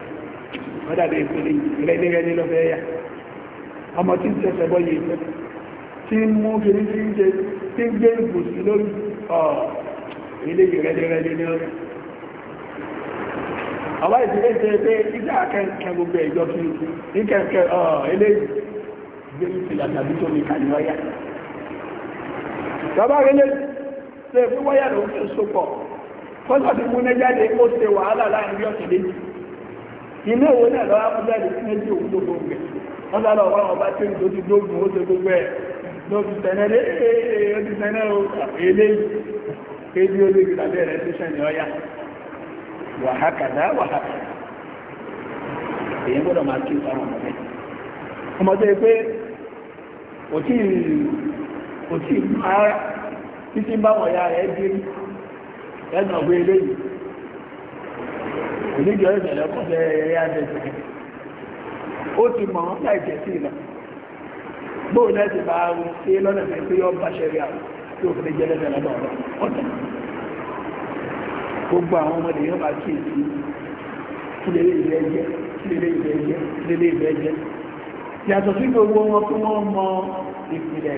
mọ́dàbí ìpele ìrẹ́lẹ́rẹ́ ní lọ́fẹ́ ẹ̀yà ọmọ tí ń tẹ́sẹ̀ bọ́ yìí fẹ́ tí ń mú kiri tí ń jẹ tí ń gbé ìbùsù lórí ilé ìrẹ́lẹ́rẹ́ ní lọ́fẹ́ ọwá ìdílé ṣe pé ìjà akẹ́kẹ́ gbogbo ẹ̀jọ́ kí ní kẹ́kẹ́ ilé gbé ìpìlà tàbí tó ní kàní ọyá bàbá rẹ̀ lè fi wáyà lòún tó sopọ̀ kọ́sọ̀ ti mú ní jáde ó ilé ìwé náà lọ́wọ́ amújáde tí méjì òun tó gbogbo ẹ̀ wọ́n sá ọba tí ó ti ó gbogbo ẹ̀ ti o àfẹ́lé kéjì ó lè gbìyànjú rẹ̀ tó ṣẹ̀ ní ọ̀yà wàhákàdá wàhákàdá èyí gbọ́dọ̀ máa kí ọmọ oti ara ya rẹ̀ dé onídìí ọ̀rẹ́ ìṣẹ̀lẹ̀ ọkọ̀ fẹ́ ẹ̀rẹ́ àjẹsẹ̀ ó ti mọ̀ wọ́n láì jẹ́ sí ìlà bóun náà ti bá arú sí lọ́nà fẹ́ pé yọ́ bá ṣẹ̀rí àwọn tí ó fi jẹ́ lẹ́sẹ̀ lọ́dọ̀ ọ̀rọ̀ ọ̀tẹ̀ gbogbo àwọn ọmọdé yóò máa kí èsì kílélé ìlú ẹjẹ́ kílélé ìlú ẹjẹ́ kílélé ìlú ẹjẹ́ yàtọ̀ sí gbogbo wọn tí wọ́n mọ ìpìlẹ̀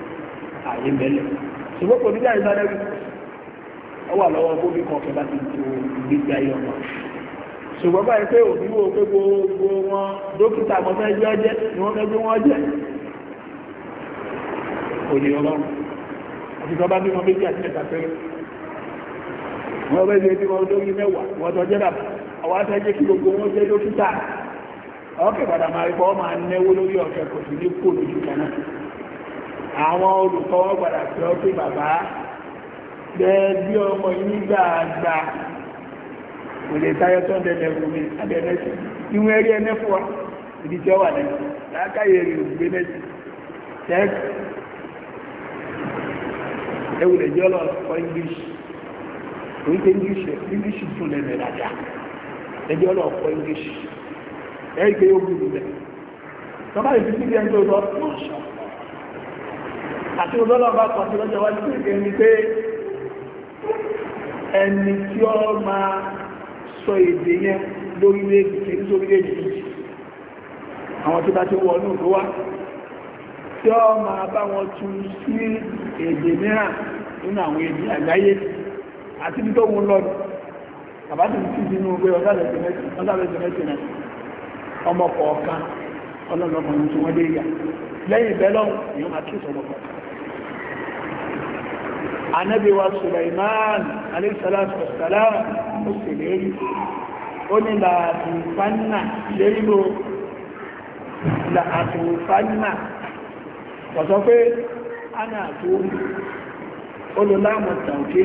ààyè mẹ́lẹ̀ ṣùgbọ́n kò ní bí àyè bá dẹ́rù ọ wà lọ́wọ́ ti tó ìgbésí ayé ọmọ ṣùgbọ́n báyìí pé òbí wo pé gbogbo wọn dókítà kan fẹ́ jẹ́ ọjẹ́ ni wọ́n fẹ́ gbé wọn jẹ́ kò ní ọlọ́run àti tọ́ bá bí wọn méjì àti pẹ́rẹ́ wọ́n bí wọn lórí mẹ́wàá wọ́n tọ́ jẹ́ bàbá àwọn kí gbogbo wọn jẹ́ dókítà àwọn olùkọ́ wọn gbàdá pé ọ pé bàbá bẹ́ẹ̀ bí ọmọ yìí gbàgbà kò lè táyọ́ tó ń dẹ̀lẹ̀ wù mí abẹ́rẹ́sì ìwọ̀n ẹ̀rí ẹ̀mẹ́fọ́ ìdí tí ó wà lẹ́nu lákàyè rẹ̀ ògbé mẹ́sì tẹ́ẹ̀kì ẹwùlẹ̀ jẹ́ ọlọ́ọ̀kọ́ English orí pé English English tún lẹ́nu ìrajà ẹjẹ́ ọlọ́ọ̀kọ́ English ẹ̀rí pé ó gbùdù bẹ̀ tọ́ba ìfisí bí ẹni tó lọ lọ́ṣọ̀ọ́ àti olólọ́bà kan tí lọ́jọ́ wájú ìgbé ni pé ẹni tí ó máa sọ èdè yẹn lórílẹ̀-èdè tí ní sórílẹ̀-èdè yìí àwọn tí bá ti wọ inú tó wá tí ó máa bá wọn tún sí èdè mìíràn nínú àwọn èdè àgbáyé àti bí tó wọn lọ́dún àbájú ti sínú pé ọ̀dàlẹ̀sẹ̀mẹ́sì náà ọmọ kọ̀ọ̀kan ọlọ́lọ́mọ ní tí wọ́n dé ìyà lẹ́yìn ìbẹ́lọ́run ni ó máa kí ìsọmọ anábì wa Sulaiman alaihissalatu wassalam ó sì lérí ó ní làtìfánà lérí ló làtìfánà ọ̀sọ́ pé ana àtúrù olùlámọ̀ tàùkì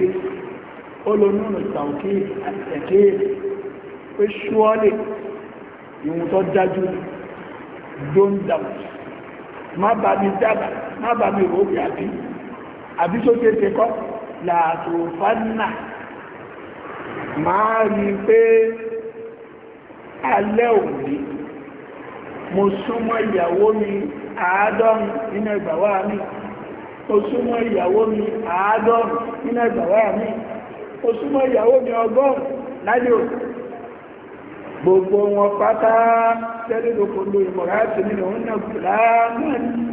olùnúnù tàùkì àtẹ̀kì pé ṣúọ́lẹ̀ ìwọ̀n tó dájú don't doubt má bá mi dábà má bá mi rò àbí àbí tó tètè kọ́ làtòfánà máa rí pé alẹ́ òní mo súnmọ́ ìyàwó mi àádọ́rùn nínú ìgbàwà mi mo súnmọ́ ìyàwó mi àádọ́rùn nínú ìgbàwà mi mo súnmọ́ ìyàwó mi ọgọ́rùn lálẹ́ òní gbogbo wọn pátá tẹ́lẹ̀ lókòó nínú òun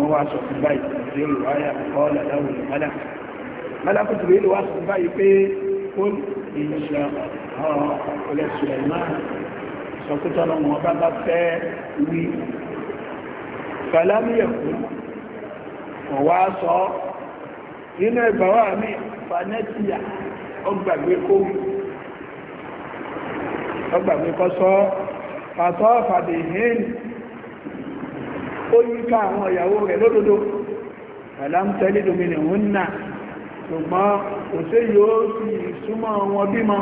wọ́n wá sọ fún báyìí ìdílé ìwáyà kọ́ọ̀lá láwùn ìmọ́lá malakú tó lè wá sọ fún báyìí pé ó ìṣà ọ̀lẹ̀ Suleiman sọ pé tọ́lọ wọn bá bá fẹ́ wí falamiyẹ̀kú wọ́n wá sọ nínú ìgbàwà ó yí ká àwọn ìyàwó rẹ̀ lódodo alámtẹ́lì domini òun náà ṣùgbọ́n kò sí yóò sì súnmọ́ wọn bímọ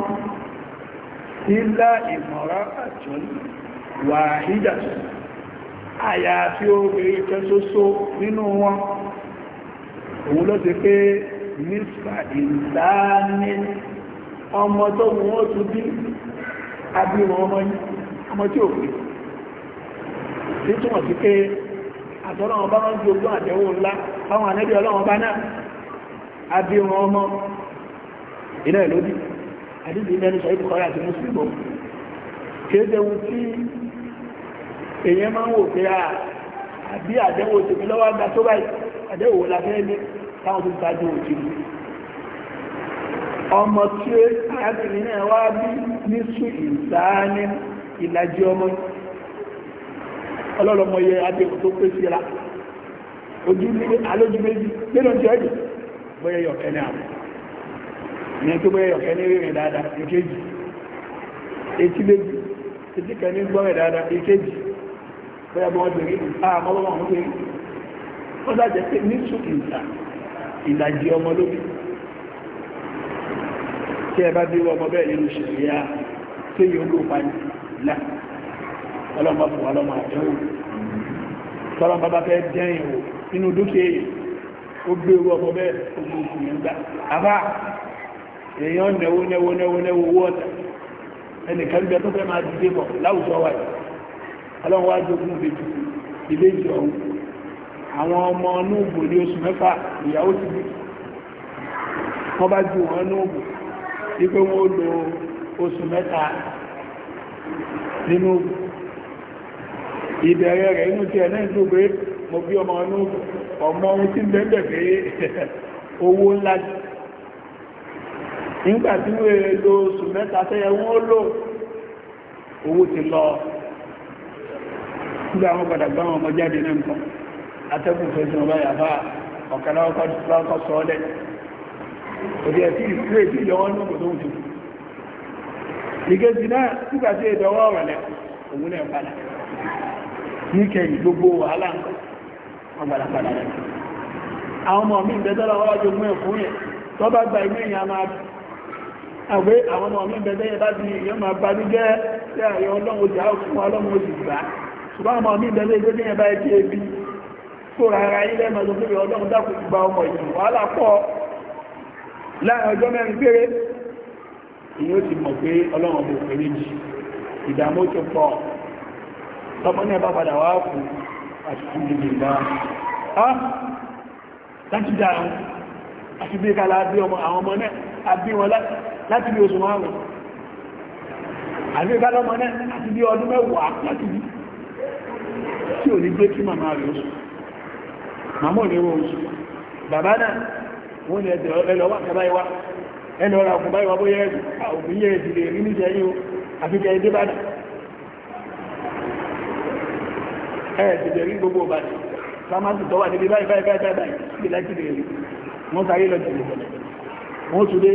ilá ìmọ̀ra àtún wà ìdàtù àyà tí ó rí kẹsósó nínú wọn òun ló ti pé nípa ìdáni ọmọ tó wọ́n tún bí abíwọn ọmọ tí ò pè títúmọ̀ sí pé àtọ́lọ́ ọba wọn ju ogún àtẹ̀wò ńlá fáwọn ànẹ́bí ọlọ́run ọba náà àbí wọn ọmọ iná ẹ̀ lódì àdìsí mẹ́nu sọ ìbùkọ́ àti mùsùlùmọ́ kéde ohun tí èèyàn máa ń wò pé àbí àdẹ́wò tèmi lọ́wọ́ àgbà tó báyìí àdẹ́wò la fẹ́ ní táwọn tó gbájú òjìlú ọmọ tí arábìnrin náà wá bí ní sùn ìsáání ìlàjì ọmọ yìí ọlọ́lọ́mọye adéhùn tó pé síra ojú lílé alójú méjì nínú ti ẹ̀dì bóyẹ yọ̀kẹ́ ní àwọn ìyẹn tó bóyẹ yọ̀kẹ́ ní rírìn dáadáa ìkéjì etí méjì etí kẹ ní gbọ́rẹ̀ dáadáa ìkéjì bóyá bọ́ ọdún rí àmọ́ bọ́ wọn pé ó dájẹ́ pé ní sùn ìta ìlàjì ọmọ lóbi tí ẹ bá bí ọmọ bẹ́ẹ̀ nínú ṣẹ̀ríà tí yóò lò pa ní láti ọlọ́mọ fún ọlọ́mọ àdéhùn tọ́lọ́ bàbá fẹ́ dẹ́yìn o inú dúkìá ó gbé owó ọkọ̀ bẹ́ẹ̀ ojú oṣù yẹn gbà àbá èèyàn nẹ̀wó nẹ̀wó nẹ̀wó nẹ̀wó owó ọ̀tà ẹnìkan gbẹ tó fẹ́ máa dìde bọ̀ láwùjọ wa yìí ọlọ́run wá jogún ìbejì ìbejì ọ̀hún àwọn ọmọ onúgbò ní oṣù mẹ́fà ìyàwó ti bí wọ́n bá ju wọn onúgbò wípé wọ́n lo oṣù mẹ́ta nínú ògbò ìbẹ̀rẹ̀ rẹ̀ inú tí ẹ̀nà ìlú pé mo bí ọmọ inú ọmọ ohun tí ń pé <laughs> owó ńlá wọ́n èrè lo oṣù mẹ́ta tẹ́yẹ wọ́n lò owó ti lọ nígbà àwọn padà gbá wọn jáde náà nǹkan atẹ́kùn fẹ́ sí ọba yàbá ọ̀kadà ọkọ̀ lọ́kọ̀ òdì ẹ̀sí ìsúré tí tó ń náà níkẹyìn gbogbo wàhálà ọgbàdàgbàdà rẹ̀ àwọn ọmọ mi ìbẹ̀tẹ́lẹ̀ ọwọ́jọ mú ẹ̀fún yẹn tó bá gba inú èèyàn máa àwé àwọn ọmọ mi ìbẹ̀tẹ́lẹ̀ bá di èèyàn máa bá nígbẹ́ tí àyọ ọlọ́run jà fún ọlọ́run ó sì gbà ṣùgbọ́n ọmọ mi ìbẹ̀tẹ́lẹ̀ tó dẹ́yẹn bá ẹjẹ́ ebi tó rárá ilẹ̀ mọ̀ lókè ọlọ́run dákù gba ọmọ ìlú wàhálà pọ̀ láàrin ọjọ́ mẹ́rin péré ìyẹn ó ti mọ̀ pé ọlọ́run ọmọ òfin méjì ìdààmú tó pọ̀ tọmọ náà bá padà wá kú àti ìdìbò náà á láti dá àwọn àti bí kàlá bí ọmọ àwọn ọmọ náà àbí wọn láti bí oṣù márùn àbí kàlá ọmọ náà àti bí ọdún mẹ́wàá láti bí tí ò ní gbé kí màmá rẹ̀ oṣù màmá ò ní wọ́n oṣù bàbá náà wọ́n ni ẹlọ́wà kẹbáyíwá ẹlọ́ra ọkùnbáyíwá bóyá ẹ̀dù àwòrán yẹ́ ẹ̀dù lè rí níjẹ́ yíò àfikẹ́ ẹdẹ́bàdàn ẹ̀ẹ̀dẹ̀dẹ̀ rí gbogbo ọ̀bàdì lámásì tó wà níbi báyìí báyìí báyìí báyìí bí lákìdè rí wọ́n sáré lọ jùlọ wọ́n tún dé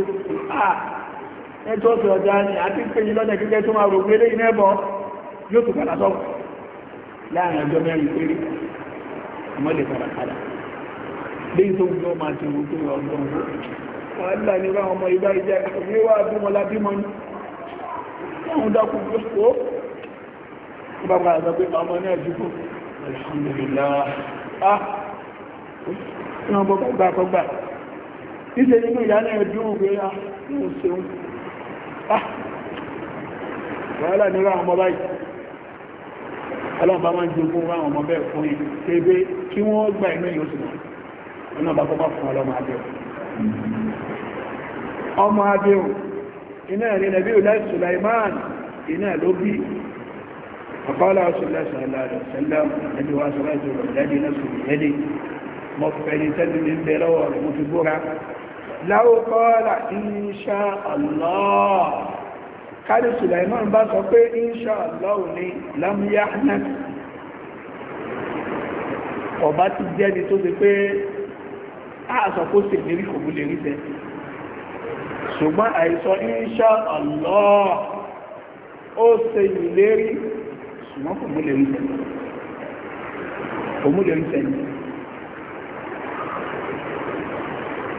ẹjọ́ sí ọjà ni àti pé yí lọ́nà kíkẹ́ tó máa rò gbélé iná ẹbọ yóò tún padà sọ́wọ́ láàrin ọjọ́ mẹ́rin péré àmọ́ lè padà padà léyìn tó gbọ́ máa ti wù tó lọ gbọ́n wọ́n á ní ra ọmọ ìgbà ìjà ìwéwà bímọ lábímọ ní àwọn dákùn gbọ́sọ́ ó bá padà sọ pé ọmọ náà dúkùn alhamdulillah ah ní ọmọ gbogbo àkọgbà níṣẹ́ nínú ìyálẹ̀ ẹ̀dùn òwe a ní òṣèun ah wàhálà nírà ọmọ báyìí aláàbá máa ń jogún ráwọn ọmọ bẹ́ẹ̀ fún yìí tẹ́gbé kí wọ́n gbà inú yóò sì wọ́n ọ̀nà iná ẹ̀rẹ́ ò láì Sulaiman iná ló bí فقال رسول الله صلى الله عليه وسلم الذي هو أسراته الذي نفسه بيده مفعل تدل بلوى متبورة لو قال إن شاء الله قال سليمان بس إن شاء الله لي لم يحنث ọba ti jẹ́ni tó ti pé àṣà kó sì lérí kò gúlé rí tẹ́ ṣùgbọ́n àìsọ insha Allah ó ṣe ìlérí ṣùgbọ́n kò múlẹ̀ rí sẹ́ni kò múlẹ̀ rí sẹ́ni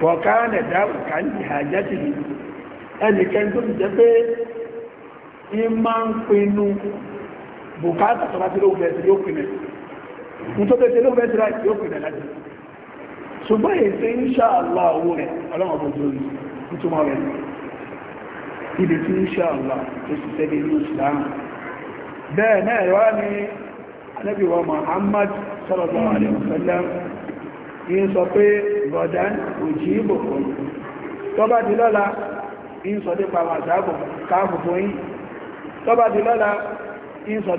wọ̀ká nẹ̀dá òkà ní ìhàjá ti rí ẹnìkẹ́ tó ti jẹ́ pé ní máa ń pinnu bùkátà tó bá ti lóògbé ẹ̀sìn yóò pinnu ní tó tẹ́tẹ́ lóògbé ẹ̀sìn láti yóò pinnu láti ṣùgbọ́n èsì ń ṣá àlá owó rẹ̀ ọlọ́run ọ̀bọ̀n tó rí nítorí rẹ̀ ibi tí ń ṣá àlá tó ṣiṣẹ́ bí bẹ́ẹ̀ náà wá ní Ànábì wa Muhammad sallallahu alaihi wasallam yí sọ pé rọ̀dán òjì ìbò fún tó bá di lọ́la yí sọ dípa àwọn àzáàbò káàkù fún yí tó bá di lọ́la insha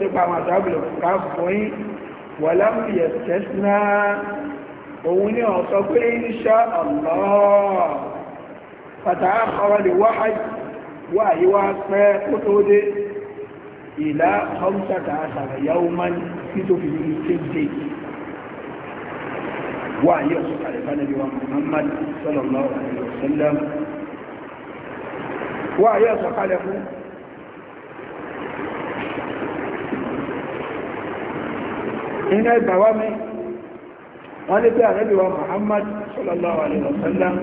Allah pàtàkì ọ̀rọ̀ lè wáyé pẹ́ kó tó dé ìlà hamsata asara yawman títò fi ní kéde wà yíò sọ kàlẹ̀ fánàbí wa muhammad sallallahu alaihi wasallam wà yíò sọ kàlẹ̀ fún iná ìgbàwá mi wọ́n ní pé àrẹ́bí wa muhammad sallallahu alaihi wasallam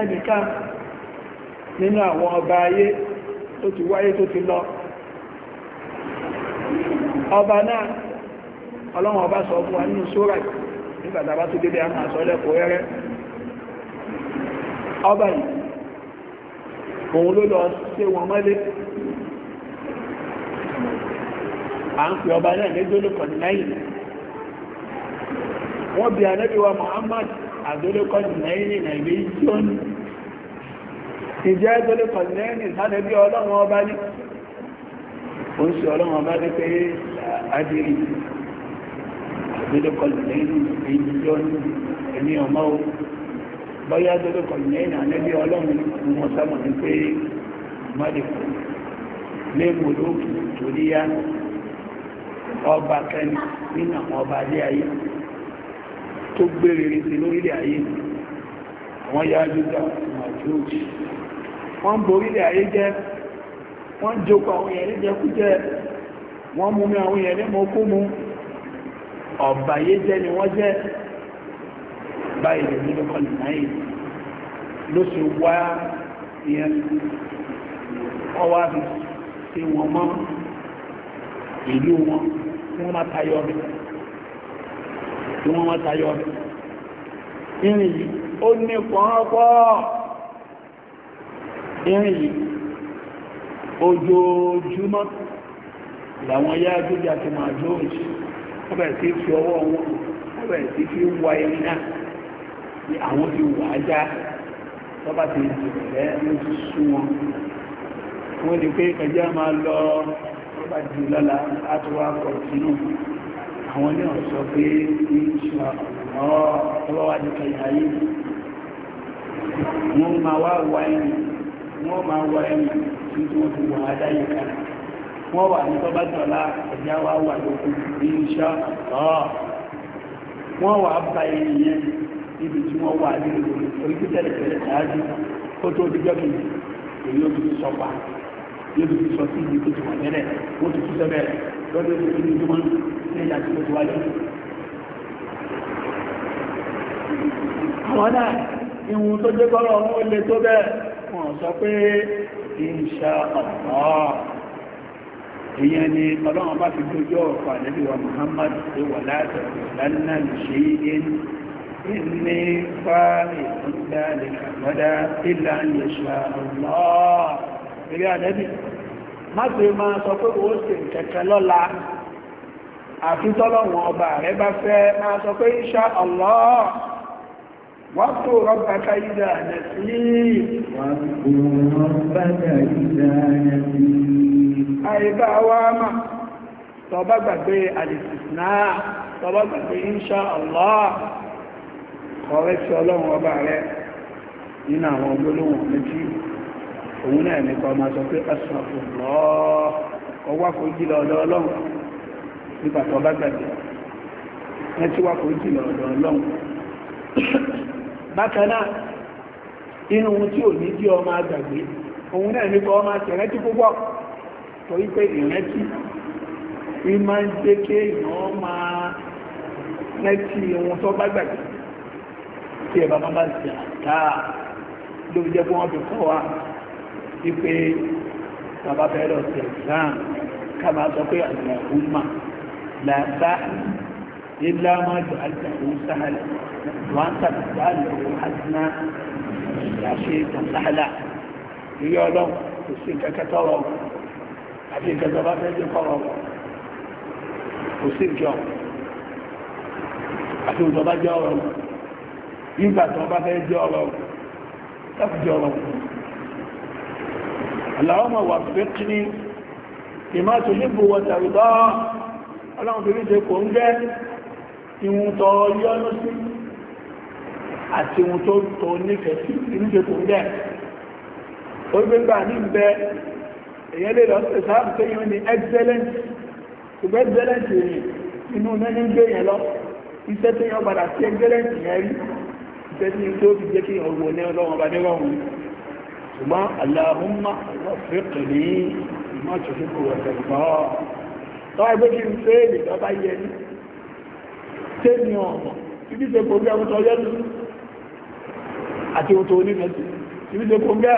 ẹnìkan nínú àwọn ọba ayé tó ti wáyé tó ti lọ ọba náà ọlọ́run ọba sọ fún wa nínú sóra nígbàtà tó dédé àmà sọ́lẹ̀ rẹ́rẹ́ ọba yìí òun ló lọ sí wọn mọ́lé a ń pè ọba náà ní wọ́n bí anẹ́bíwa Muhammad àdólókọ̀dínlẹ́yìn nàìjíríà ìjẹ́ àdólókọ̀dínlẹ́yìn sálẹ́bí ọlọ́run ọba ní ó ń ṣe ọlọ́run ọba ní pé adìrí àdólókọ̀dínlẹ́yìn nàìjíríà ẹni ọmọ o bọ́yá àdólókọ̀dínlẹ́yìn àlẹ́bí ọlọ́run ní wọ́n sábà ní pé mọ́lẹ̀kù lẹ́gbò lókè torí yá ọba kẹ́ni nínú àwọn ọba alẹ́ ayé tó gbére sí lórílẹ̀ ayé àwọn ya jújà màjújì wọ́n ń borílẹ̀ ayé jẹ́ wọ́n ń jókòó àwọn èèyàn jẹkújẹ wọ́n mú mi àwọn èèyàn mọ́ kú mu ọ̀bàyé jẹ́ ni wọ́n jẹ́ báyìí nínú kọlù náà ló sì wá ìyẹn wọ́n wá fi sí wọn mọ́ ìlú wọn wọ́n má tayọ bẹ̀rẹ̀ tí wọ́n wọ́n tayọ rẹ̀ irin yìí ó ní pọ́npọ́ irin yìí ojoojúmọ́ làwọn yá gbígbà ti máa jóòjì wọ́n bẹ̀rẹ̀ sí fi ọwọ́ wọn wọ́n bẹ̀rẹ̀ sí fi wà irin náà ni àwọn ti wà á já tọ́bá ti jùlẹ̀ ní sún wọn wọ́n di pé ẹjẹ́ máa lọ tọ́bá jù lọ́la á tó wá kọ̀ sínú àwọn ní ọ̀sọ̀ pé ní ìṣúra ọlọ́wàdíkà ìhàyé wọ́n máa wá wá ẹni wọ́n máa wá ẹni tí wọ́n ti wà ádáyé kan wọ́n wà ní tọ́bá jọlá ẹ̀já wá wà lókun ní iṣẹ́ ọ̀ wọ́n wà bá ẹni yẹn níbi tí wọ́n wà ní ìlú orílẹ̀-èdè tẹ̀lẹ̀ ṣáájú kó tó dijọ́ kejì èyí ó ti sọ pa yóò ti sọ sí ibi tó ti wà tẹ́lẹ̀ lọ́dọ̀ ìlú ní ìjọba ní ìlà tí ó ti wáyé. àwọn náà ìwọ̀n tó jẹ́ kọ́rọ̀ ọmọ ilé tó bẹ́ẹ̀ wọ́n sọ pé ìṣà ọ̀pọ̀ èyàn ni ọlọ́run bá fi dojú ọ̀pọ̀ àdẹ́bí wa Muhammad tó wà láti má ṣe máa sọ pé ó ṣe kẹ̀kẹ́ lọ́la ọba rẹ bá fẹ́ máa sọ pé insha Allah wọ́n tó rọ́bà káyídà nẹ̀sí àìbá mà tọba gbàgbé àdìsìsìnà tọba gbàgbé insha Allah ọ̀rẹ́ sí ọlọ́run ọba rẹ nínú àwọn olólùwọ̀n méjì òun náà ní kọ́ máa sọ pé astaghfirullah ọwá foríjì lọ́dọ̀ ọlọ́run nípa tó bá gbàgbé ẹtí wá foríjì lọ́dọ̀ ọlọ́run bákan náà inú ohun tí ò ní jí ọmọ àgbàgbé òun náà ní kọ́ máa tẹ̀rẹ́tí púpọ̀ torí pé ìrẹ́tí ìmá ń jẹ́ kí èèyàn máa rẹ́tí ohun tó bá gbàgbé tí ẹ̀ bá máa bá ti àtà lórí jẹ́ kí wọ́n wípé bàbá bẹ̀rẹ̀ ọ̀sẹ̀ exam ká máa sọ pé àgbà ọ̀húnmà làbá ilá máa jọ àgbà ọ̀hún sáhàlẹ̀ wọ́n tàbí sáhàlẹ̀ ọ̀hún àdínà ìyàṣe tàbí ìyá ọlọ́run kò sí kẹ́kẹ́ tọ́rọ àti ìjọba bá fẹ́ jẹ́ kọ́rọ kò sí ìjọ àti ìjọba jẹ́ ọ̀rọ̀ nígbà tó bá fẹ́ jẹ́ ọ̀rọ̀ láti jẹ́ ọ̀rọ̀ اللهم وفقني لما تحب وترضى اللهم في رجل كونجẹ́ ìwọ̀n tó yọ́nú sí àti ìwọ̀n tó tó nífẹ̀ẹ́ sí ìrìnjẹ́ kòńgẹ́ orígbégbà ní ìbẹ́ èyẹ́ lè lọ́sẹ̀ sáàbù tó yíò ní excellence ṣùgbẹ́ excellence rẹ̀ inú nẹ́ni gbé yẹn lọ iṣẹ́ tó yọ padà sí excellence yẹn rí iṣẹ́ tí ó fi jẹ́ kí ọ̀wọ̀ ní ọlọ́wọ̀n bá nírọ̀rùn ṣùgbọ́n aláhùnmá wọ́fẹ́kìlì má ti fíkù ọ̀tẹ̀gbọ́ tọ́ ẹgbẹ́ kí n fẹ́ lè tọ́bá yẹ ní tẹ́mi ọ̀nà ibi ṣe kò gẹ́ ọ̀tọ̀ yẹ́ lù àti ọ̀tọ̀ onímẹ̀sì ibi ṣe kò gẹ́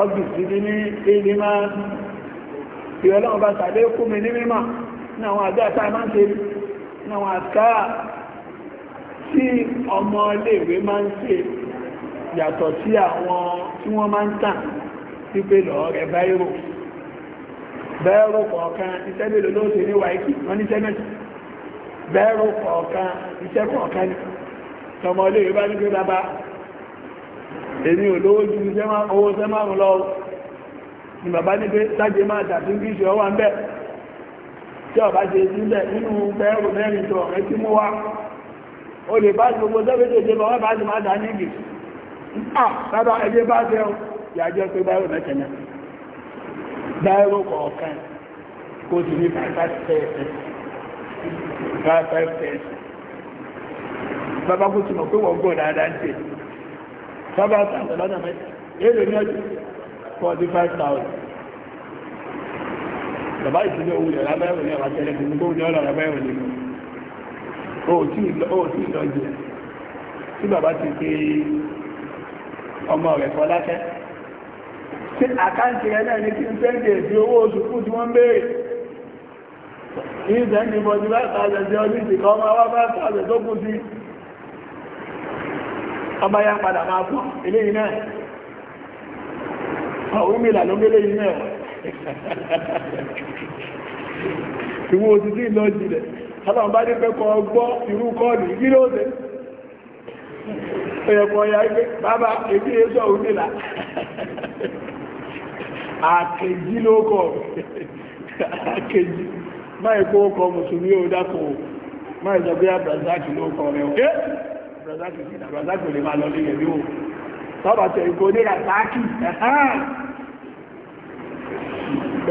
ọdún sí ní ilé máa ìrọ̀lọ́wọ́ bá tàbí kú ní mímọ̀ ní àwọn àjọ àtà máa àkáà tí ọmọ iléèwé máa ń ṣe yàtọ̀ sí àwọn tí wọ́n máa ń tàn pípé lọ rẹ̀ báyìrò bẹ́ẹ̀rù kọ̀ọ̀kan iṣẹ́ mélòó ló ṣe ní wáìkì wọ́n ní iṣẹ́ mẹ́ta bẹ́ẹ̀rù kọ̀ọ̀kan iṣẹ́ kọ̀ọ̀kan ní tọmọ ilé ìbá ní pé bàbá èmi ò lówó ju owó iṣẹ́ márùn lọ ni bàbá ní pé sáàjẹ́ máa dàbí bí ìṣẹ́ ọwà ń bẹ̀ tí ọba ṣe sílẹ̀ nínú bẹ́ẹ̀rù mẹ́rin tó ọ̀rẹ́ tí mú wá o lè bá gbogbo sẹ́fẹ́tẹ̀ ah bàbá ẹgbẹ́ bá jẹ́ ọ yàjẹ́ pé báyọ̀ mẹ́kẹ̀ẹ́ báyọ̀ kọ̀ọ̀kan kó sì ní 5-5 bàbá kó sì mọ̀ pé wọ́n gọ́ dáadáa ṣe bàbá sàtọ̀ lọ́nà mẹ́ta èrè ní ọdún 45,000 bàbá ìpínlẹ̀ owó ìrẹ̀lá báyọ̀ ní ọ̀rọ̀ tẹ́lẹ̀ gbogbo ní ọ̀rọ̀ báyọ̀ ní ọ̀rọ̀ tí ìlọ́jẹ̀ tí bàbá ti pé ọmọ rẹ̀ fọlákẹ́ tí àkáǹtì rẹ̀ náà ní kí n tẹ́ǹkì owó oṣù kú tí wọ́n béèrè ní ìsẹ́ǹkì bọ̀dí 5,000 jẹ́ ọdún ìsìnkọ́ ọmọ wá 5,000 tó kú sí padà <laughs> lọ ẹ̀kọ́ ya ipé bàbá èdè ẹ̀sọ́ onílà àkèjì ló kọ̀ àkèjì máa kó ọkọ̀ mùsùlùmí ó dákò máa sọ bí abrazaki ló kọ̀ rẹ̀ ẹ́ abrazaki sí abrazaki lè máa lọ lè yẹ̀mí o sọ́bàtẹ̀ ìkó ní ràtàkì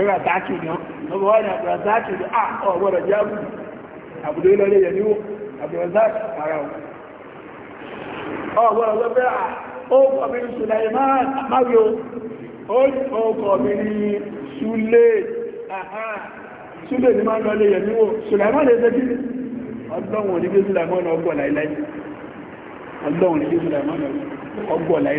ràtàkì náà lọ́wọ́ wọ́n ni abrazaki ní ah, à ọ̀gbọ́dọ̀ jẹ́ àbùdó ilẹ̀ yẹ̀mí o abrazaki ara ọ̀ ọgbọ̀n ọgbẹ́ à ó kọ̀ mi ní Suleiman Mario ó kọ̀ mi ní Sule Sule ni máa ń lọlé yẹ̀ níwò Suleiman lè fẹ́ kí ọlọ́run ní gbésùlà mọ́nà ọgbọ̀n láìláì ọlọ́run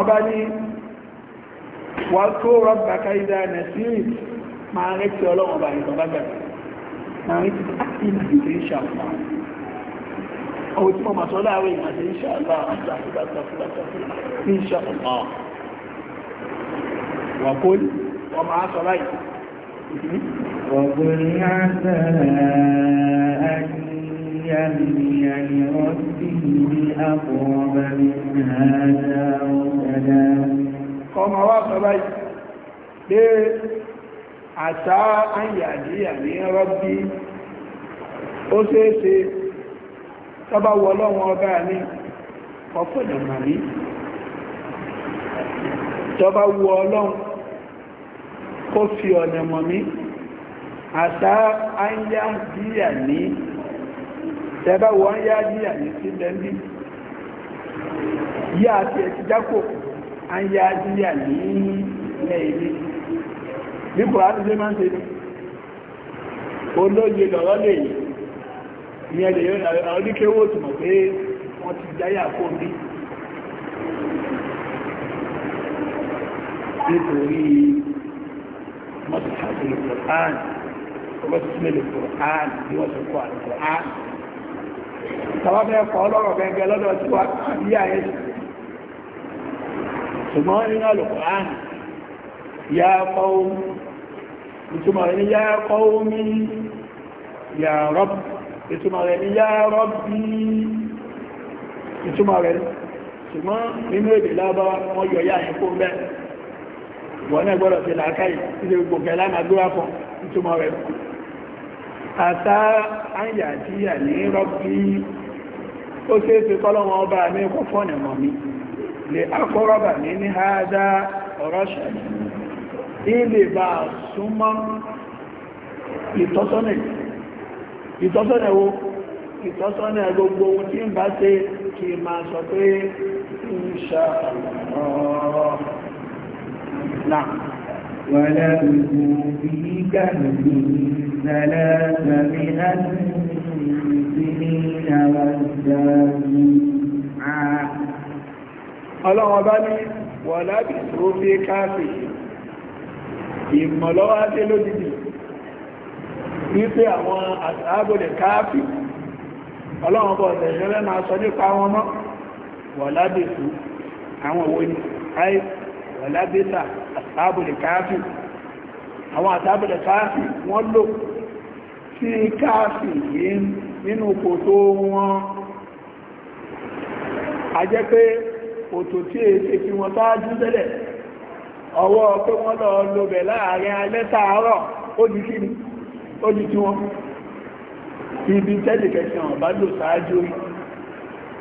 ọba ní wà tó rọ́bà káìdá nà sí máa rẹ̀ tí ọlọ́wọ̀n bá ìtàn bá gbàgbà máa rẹ̀ tí àti ìdìbò ìṣàlá ọwọ́ tí mo mà wọ́n máa sọ láì وقل عسى أن يهديني ربي أقرب من هذا رشدا kọmọ wá sọ báyìí pé àṣà àyàjíyà ní rọ́bí ó ṣeéṣe tọ́bá wọ lọ́wọ́ ọba ní ọ̀pọ̀dọ̀ màní tọ́bá wọ ọlọ́run kó fi ọ̀nà mọ̀ mí àṣà àyàjíyà ní tẹ́bá wọ àyàjíyà ní sí lẹ́ndì yí àti ẹ̀tìjákòó a ń yá síríà ní ilẹ̀ ilé bí kùránì lé máa ń ṣe ní olóye lọ̀rọ̀ lè yẹ lè oníkéwò tùmọ̀ pé wọ́n ti jáyà kó ní nítorí mọ́sùlùmí kùránì mọ́sùlùmí kùránì bí wọ́n ti kọ́ àrùn kùránì tàbátẹ́ ẹ̀kọ́ ọlọ́rọ̀ gẹ́gẹ́ lọ́dọ̀ tí wà ṣùgbọ́n nínú Al-Qur'an ya qawm ìtumọ̀ rẹ̀ ni ya qawmi ya Rabb ìtumọ̀ rẹ̀ ni ya Rabbi ìtumọ̀ rẹ̀ ṣùgbọ́n nínú èdè lábá wọ́n yọ yá ẹ̀kọ́ bẹ́ wọ́n náà gbọ́dọ̀ sí làákàyè títí gbogbo لأقرب من هذا رشد إلي بعصما إتصني إتصني هو إتصني أقول بوتين بس كما سطي إن شاء الله نعم ولا بجوفي كمدين ثلاث مئة سنين والزاد ọlọ́wọ́ bá ní wọ̀ lábì tó fi káàfì ìmọ̀lọ́wọ́ á dé lódìdì wípé àwọn àbòlẹ̀ káàfì ọlọ́wọ́ bọ̀ tẹ̀sẹ̀lẹ́ máa sọ nípa wọn mọ́ wọ̀ lábì tó àwọn òwe ni ai wọ̀ lábì tà àbòlẹ̀ káàfì wọ́n lò sí káàfì yìí nínú kòtò wọn a jẹ́ pé òtò tí è ṣe fi wọn sáájú tẹ́lẹ̀ ọwọ́ pé wọ́n lọ lobẹ̀ láàrin alẹ́ sàárọ̀ ó di kí ni ó di tí wọ́n ibi tẹ́lẹ̀ kẹsàn bá lò sáájú rí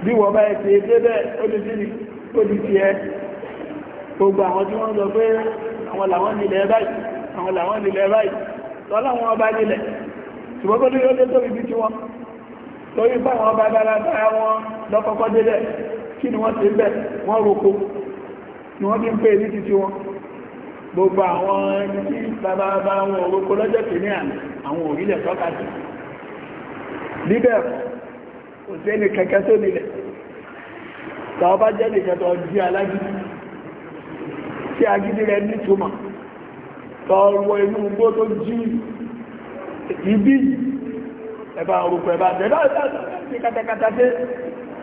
bí wọ́n bá ẹ̀ ṣe ó di kí ni ó di ti ẹ gbogbo àwọn tí wọ́n sọ pé àwọn làwọn nílẹ̀ báyìí àwọn làwọn nílẹ̀ báyìí tọ́láwọn ọba nílẹ̀ ṣùgbọ́n kó lórí ó dé kí ni wọ́n ti bẹ̀ wọ́n roko ni wọ́n bí ń pè ní títí wọn gbogbo àwọn ẹni tí bàbá bá wọn roko lọ́jọ́ kìíní àná àwọn òrílẹ̀ tọ́ka sí níbẹ̀ kò sí ẹni kẹ̀kẹ́ tó nílẹ̀ tàwọn bá jẹ́ nìkan tó di alágídí tí agídí rẹ̀ nítumọ̀ tọrọ inú igbó tó jí ibi ẹ̀bà òrùkọ̀ ẹ̀bà tẹ̀lá ìdájọ́ sí katakata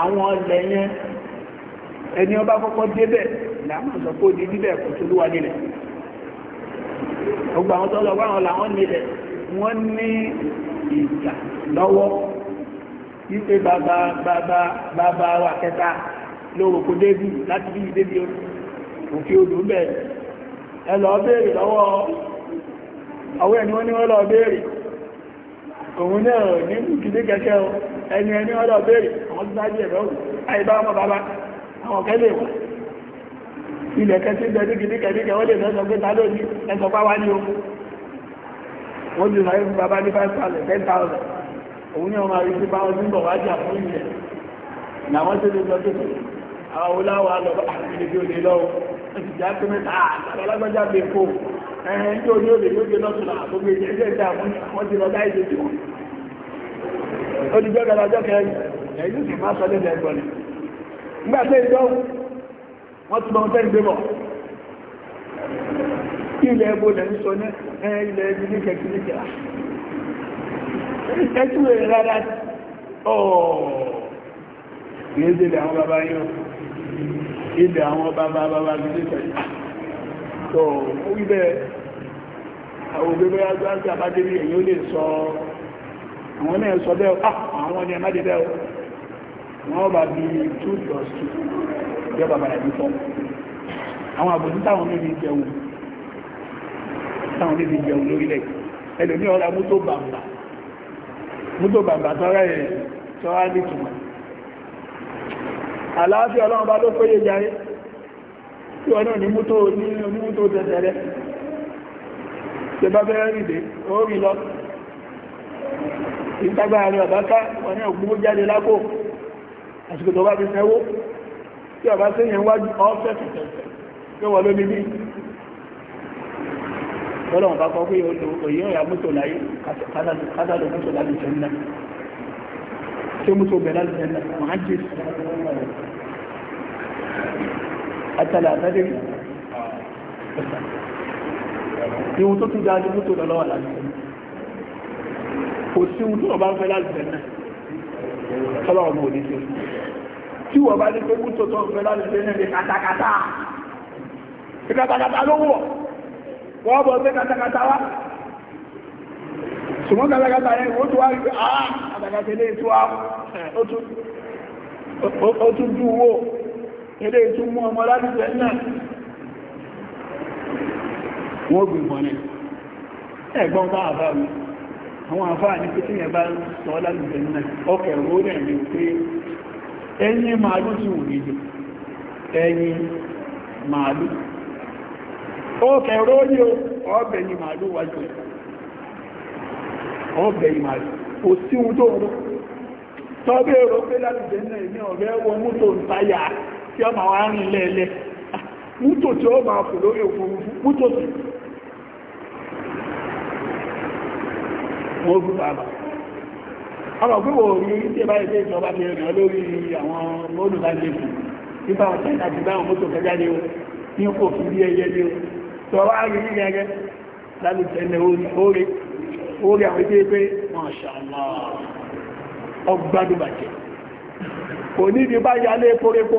àwọn ọlẹ̀ yẹn ẹni ọba kọ́kọ́ débẹ̀ láàmà sọ pé ó di bíbẹ̀ kò tó lúwa nílẹ̀ gbogbo àwọn tó lọ bá wọn làwọn nílẹ̀ wọ́n ní ìjà lọ́wọ́ wípé bàbá bàbá bàbá wa kẹta lóòrò kó débì láti bí ìdébì òkè odò bẹ́ẹ̀ ẹ lọ béèrè lọ́wọ́ ọwọ́ ẹni wọ́n ní wọ́n lọ béèrè òun náà ní ìdílé kẹ́kẹ́ o ẹni ẹni ọ̀dọ̀ béèrè àwọn tó dájú ẹ̀rọ àìbá ọmọ bàbá àwọn kẹ́ lè wà ilẹ̀ kẹ́kẹ́ ń bẹ̀rù gidi kẹ́kẹ́ wọ́n lè lọ́sọ pé ta lóní ẹsọ pa wá ní ogun wọ́n ti sáré fún bàbá ní 5,000 10,000 òun ní ọmọ àrísí bá wọn nígbọ̀ wá jà fún ilẹ̀ làwọn tó àwọn oláwà lọ àti ilé lè lọ́wọ́ ó ti já pé mẹ́ta ẹ̀hẹ́n tí ó ní olè lóde lọ́tùlà àtògbè ẹgbẹ́ ìdá àwọn wọ́n ti lọ dá tí wọ́n ó di gbẹ́gbẹ́ lọ́jọ́ kẹrin ẹ̀yìn sì ilẹ̀ àwọn bàbá yóò ilẹ̀ àwọn bàbá bàbá kìlíkà tó ó wí bẹ́ẹ̀ àwọn òbẹ́bẹ́ agbáńtà bá dé ní èyí ó lè sọ àwọn náà sọ bẹ́ẹ̀ ah, àwọn ni ẹmá dé bẹ́ẹ̀ wọ́n bá bí 2 plus 2 yọba bàrà ní fọ́n àwọn àbòsí táwọn níbi jẹun táwọn níbi jẹun lórílẹ̀ ẹlòmí ọ̀rá mútó bàbà mútó bàbà tọ́rẹ́ rẹ̀ tọ́rẹ́ nìtùmọ̀ àlàáfíà ọlọ́run bá ló péye járe tí ọ̀nà ní mú tó ní onímú tó tẹ̀tẹ̀rẹ́ tẹ bá bẹ́rẹ̀ rìdè ó rí lọ ìtagbà rẹ̀ ọ̀báká wọ́n ní ògbó jáde lápò àsìkò tó bá fi fẹ́wó tí ọ̀bá sí yẹn wájú ọ́fẹ́ fẹ̀fẹ̀fẹ̀ tó wọ́n ló ní حتى لا ندري ìwọ̀n tó tún dáadé mú tó lọ lọ́wọ́ láti kò sí ohun tó ọba ń fẹ́ láti fẹ́ náà tọ́lọ́wọ́ mú òní sí tí wọ́n bá ní pé mú tó tọ́ fẹ́ láti fẹ́ náà ní kàtàkàtà kàtàkàtà ló wọ̀ wọ́n bọ̀ pé kàtàkàtà wá ṣùgbọ́n kàtàkàtà yẹn wọ́n tó wá rí pé ah kàtàkàtà ilé tó wá ó tún dúwó ilé ìtún mú ọmọ láti náà wọ́n gbé wọn ní ẹ̀gbọ́n bá àbá mi àwọn àfáà ní pé tíyẹ̀ bá sọ láti náà ọkẹ̀ rẹ̀ pé màálù tí màálù ọkẹ̀ màálù wájú kò sí ohun tó rọ tọ́bẹ̀ pé náà ní ọ̀rẹ́ wọn mú tó ń táyà tí ọmọ wa rìn lẹ́ẹ̀lẹ́ ah, mútò tí ó máa fò lórí òfurufú mútò sí wọ́n bú bàbá ọmọ gbogbo orí tí bá ilé ìjọba ti rìn lórí àwọn olùdájẹ́kù nípa àwọn tẹ́lá ti bá àwọn mọ́tò kẹjá ní o ní kò fi bí ẹyẹ ní o tọrọ àrí ní gẹ́gẹ́ lálùtẹ́lẹ̀ orí orí àwọn ilé pé ọgbádùbàjẹ́ kò ní ibi bá yálé pórékó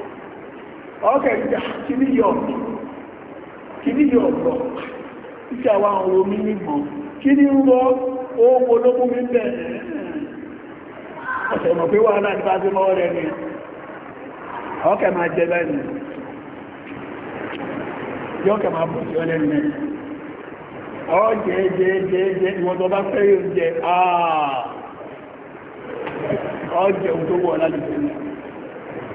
ọ̀kẹ́ ìjà kìíní yọ ọ̀pọ̀ kìíní yọ ọ̀pọ̀ ìjà wa àwọn omi nígbọ̀n kìíní rọ ohun olókún mi bẹ̀ pé wà láti bá sí rẹ̀ máa jẹ lẹ́nu láti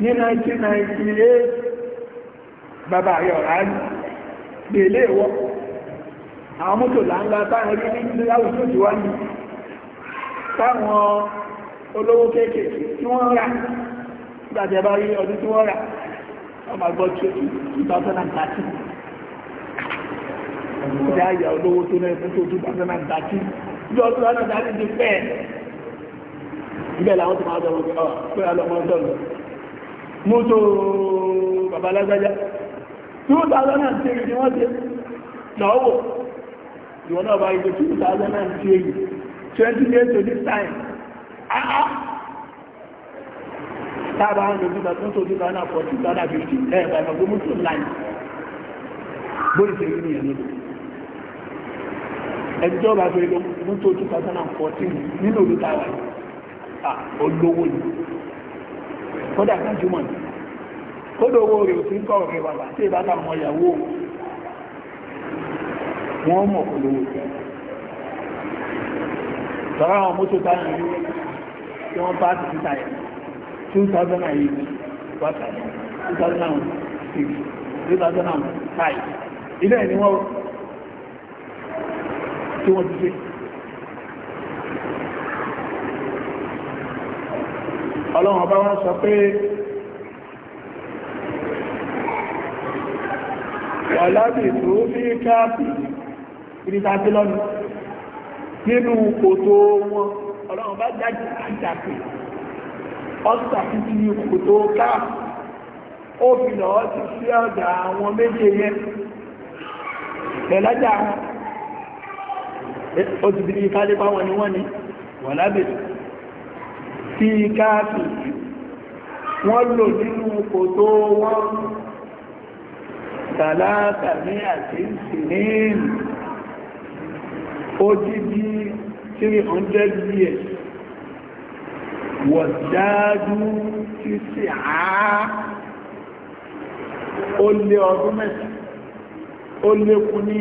ní 1998 bàbá yọ̀rá lè lè wọ́ àwọn mọ́tò láńlá táwọn rí ní ilé àwùjọ ìwá ní táwọn olówó kéékèèké tí wọ́n rà gbàjẹ́ bá rí ọdún tí wọ́n rà ọmọ àgbọ́ 2013 ìdá àyà olówó tó náà fún tó 2013 ìjọ tó rán náà dárí ti pẹ́ẹ̀ ìbẹ̀ làwọn tó máa dọ̀rọ̀ pé ọ̀pẹ́ mọ́tò babalágbájá 2003 ni wọ́n ti lọ́wọ́ ìwọ̀n náà bá ìgbé 2003 20 years to this time ah, ah. tábà ń lójú bá tún tó 2014 2015 ẹ̀ẹ̀bà ìmọ̀gbó mọ́tò láì bóyí sí ìrìn ìyẹn lójú ẹjọ́ bá fẹ́ lọ mọ́tò 2014 nínú olùtawà ah, olówó yìí kódà kan jùmọ̀ ní kódà owó rẹ̀ òsì ń kọ̀ rẹ̀ ìyàwó wọn mọ̀ kó lówó tọ́rọ àwọn mọ́tò táyà tí wọ́n bá ti 2006 2005 ni wọ́n tí ọlọ́run ọba wọ́n sọ pé ọ̀lábì tó fi káàpì ìrìtàtí lọ́nà nínú kòtò wọn ọlọ́run bá jáde àjàpè ọ́sà títí ní kòtò káàpì ó fi lọ sí sí ọ̀dà àwọn méjì yẹn pẹ̀lájà ó ti bí i kálépa wọn ni wọ́n ni wọ̀lábì sí káàkì wọ́n lò nínú kòtò wọn tàlátà ní àti ìsìnìn ó jíjí 300 years wọ̀dájú tí sí àá ó lé ọdún mẹ́ta ó lékún ní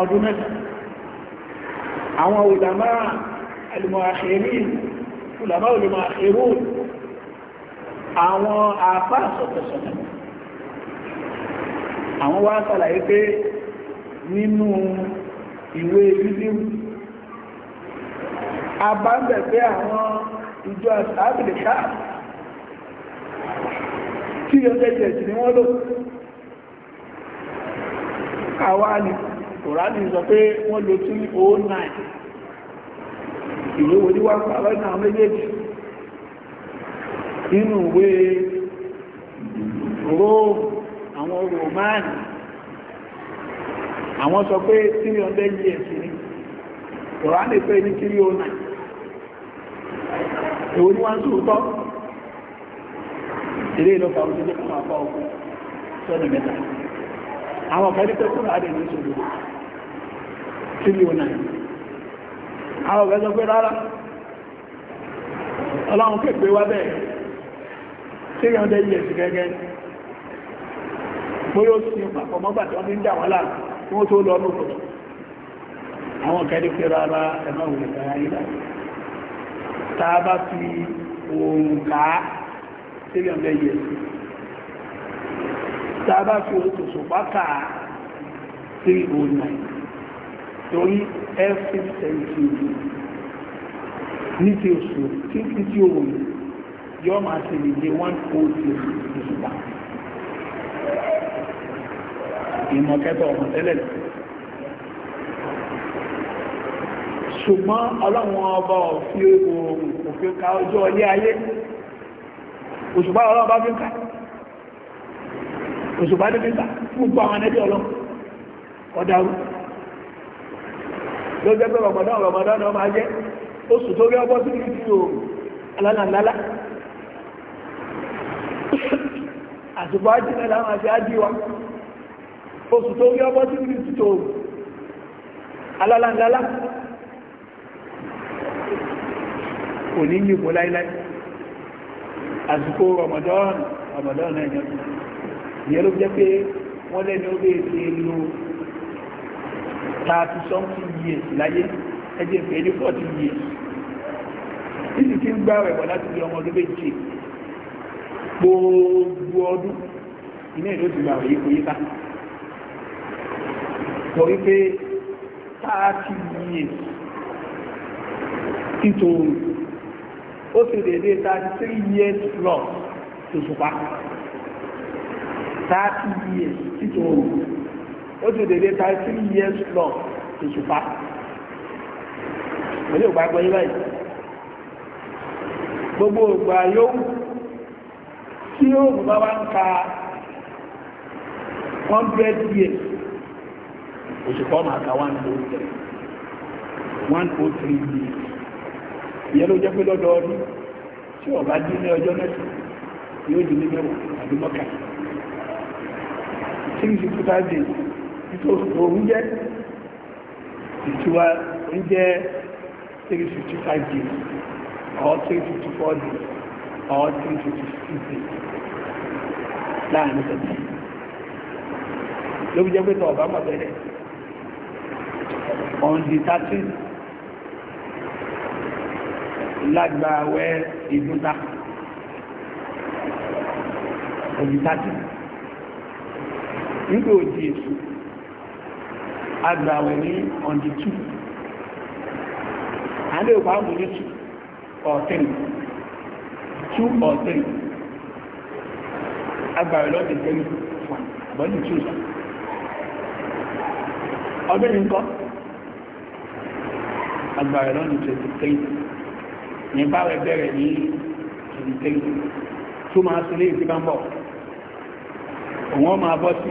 ọdún mẹ́ta àwọn òdàmá alìmọ̀ àṣẹ́rí ìlànà olùmọ̀ èrò àwọn àpá sọ̀tọ̀sọ̀tọ̀ àwọn wá sàlàyé pé nínú ìwé yúdíwù a bá ń bẹ̀ pé àwọn ìjọ àbìlẹ̀ káà tí yóò tẹ́jẹ̀ sí ni wọ́n lò àwa ni kòránì sọ pé wọ́n lo 209 èyí wo ní náà méjèèjì nínú ìwé àwọn romani àwọn sọ pé 300 years ni kòránì pé ní 309 èwo ní ń sòótọ́ ilé ìlọ́pàá òṣèlú kan àpá ọkụ sọ́nà mẹ́ta àwọn ọ̀fẹ́ ní pẹ́kùnrin àdẹ̀ ní ìṣòro 309 àwọn ọ̀gá sọ pé rárá ọlọ́run pè pé wá bẹ́ẹ̀ tí yàn dẹ́ yẹ̀ sí gẹ́gẹ́ bóyá ó sì pàpọ̀ wọ́n ti ń dà wọ́n láàrín tó lọ a bá fi òǹkà tí yàn dẹ́ yẹ̀ a torí every century ní ti oṣù tí tí tí o wòye yọ́ máa ṣe lè dé one old year ìṣùgbà ìmọ̀ kẹta ọmọ tẹ́lẹ̀ ṣùgbọ́n ọlọ́run ọba òfin oòrùn òfin ka ọjọ́ ilé ayé òṣùgbà ọlọ́run bá fi ń kà òṣùgbà ní fi ń kà fún gbọ́ àwọn ẹgbẹ́ ọlọ́run ọ̀dàrú ló jẹ́ pé rọmọdán rọmọdán náà máa jẹ́ oṣù tó rí ọgbọ́ sí ní ti òòrùn alálàlálá àsìkò ájínlẹ̀ láwọn àti ájíwa oṣù tó rí ọgbọ́ sí ní ti òòrùn alálàlálá kò ní yípo láíláí àsìkò rọmọdán rọmọdán náà ló jẹ́ pé wọ́n lẹ́ni ó bèèrè thirty something years láyé ẹjẹ́ ìfẹ́ ní forty years títí tí ń gbá ẹ̀wọ̀ láti bí ọmọ ọdún méje gbogbo ọdún iná ìlú ti gbà wọ̀ yípo yíká sọ wípé thirty years nítorí ó ti dédé thirty three years long tó sùpá thirty years nítorí. ó ti dèdè three years long tòṣùpá pẹ̀lú ìgbàgbọ́ yín báyìí gbogbo ògbà yóò tí òògùn bá wá ń ka hundred years òṣùpá ọmọ one oh three one oh three years ìyẹn ló jẹ́ pé lọ́dọọdún tí ọba dín ní ọjọ́ mẹ́sàn yóò dín ní mẹ́wàá àbí three sixty two thousand. ìtòsò oúnjẹ ìtura oúnjẹ 355 days or 354 days or 356 days láàrin ìtọ́jú ló fi jẹ́ pé tọ́ ọ̀bá mọ̀ bẹ̀rẹ̀ on the 13th lágbàwẹ́ ìdúntà on the 13th nígbà òjì èsù agbàwẹ̀ ní ọ̀dí 2 àdé òpá mú ní 2 or 3 2 or 3 agbàwẹ̀ lọ́dí 3 bọ́dí 2 ọdún nǹkan agbàwẹ̀ lọ́dí 23 ní báwẹ̀ bẹ̀rẹ̀ ní 23 tó máa sílé ìsíbámbọ̀ òun ọmọ abọ́ sí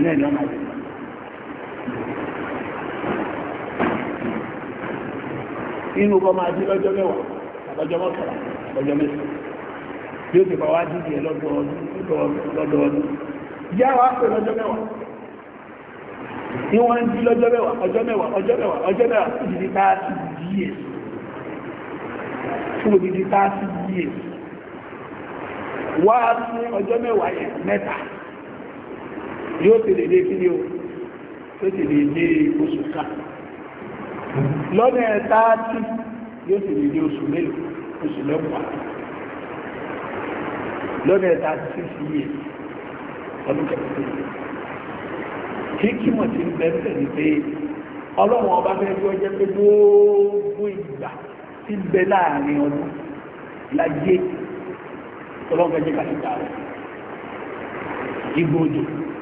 ní ẹ̀nà máa jẹ́ inú kọ máa jí lọ́jọ́ mẹ́wàá àbájọ́ mọ́kànlá àbájọ́ mẹ́sàn bí ó ti bá wá dídì ẹ lọ́dọọdún yá wá pè lọ́jọ́ mẹ́wàá ní wọ́n ń jí lọ́jọ́ mẹ́wàá ọjọ́ mẹ́wàá ọjọ́ mẹ́wàá ọjọ́ mẹ́wàá yóò ti lè dé kí ni o tó ti lè dé oṣù ká lọ́nà ẹ̀táàtì yóò ti lè dé oṣù mélòó oṣù mẹ́wàá lọ́nà ẹ̀táàtì sí sí yẹ ọdún kẹfẹ́ kí kí mọ̀ sí bẹ́ẹ̀ ní pé ọlọ́run ọba fẹ́ bí ọjọ́ pé gbogbo ìgbà ti bẹ láàrin ọdún láyé ọlọ́run fẹ́ rẹ̀ igbó òjò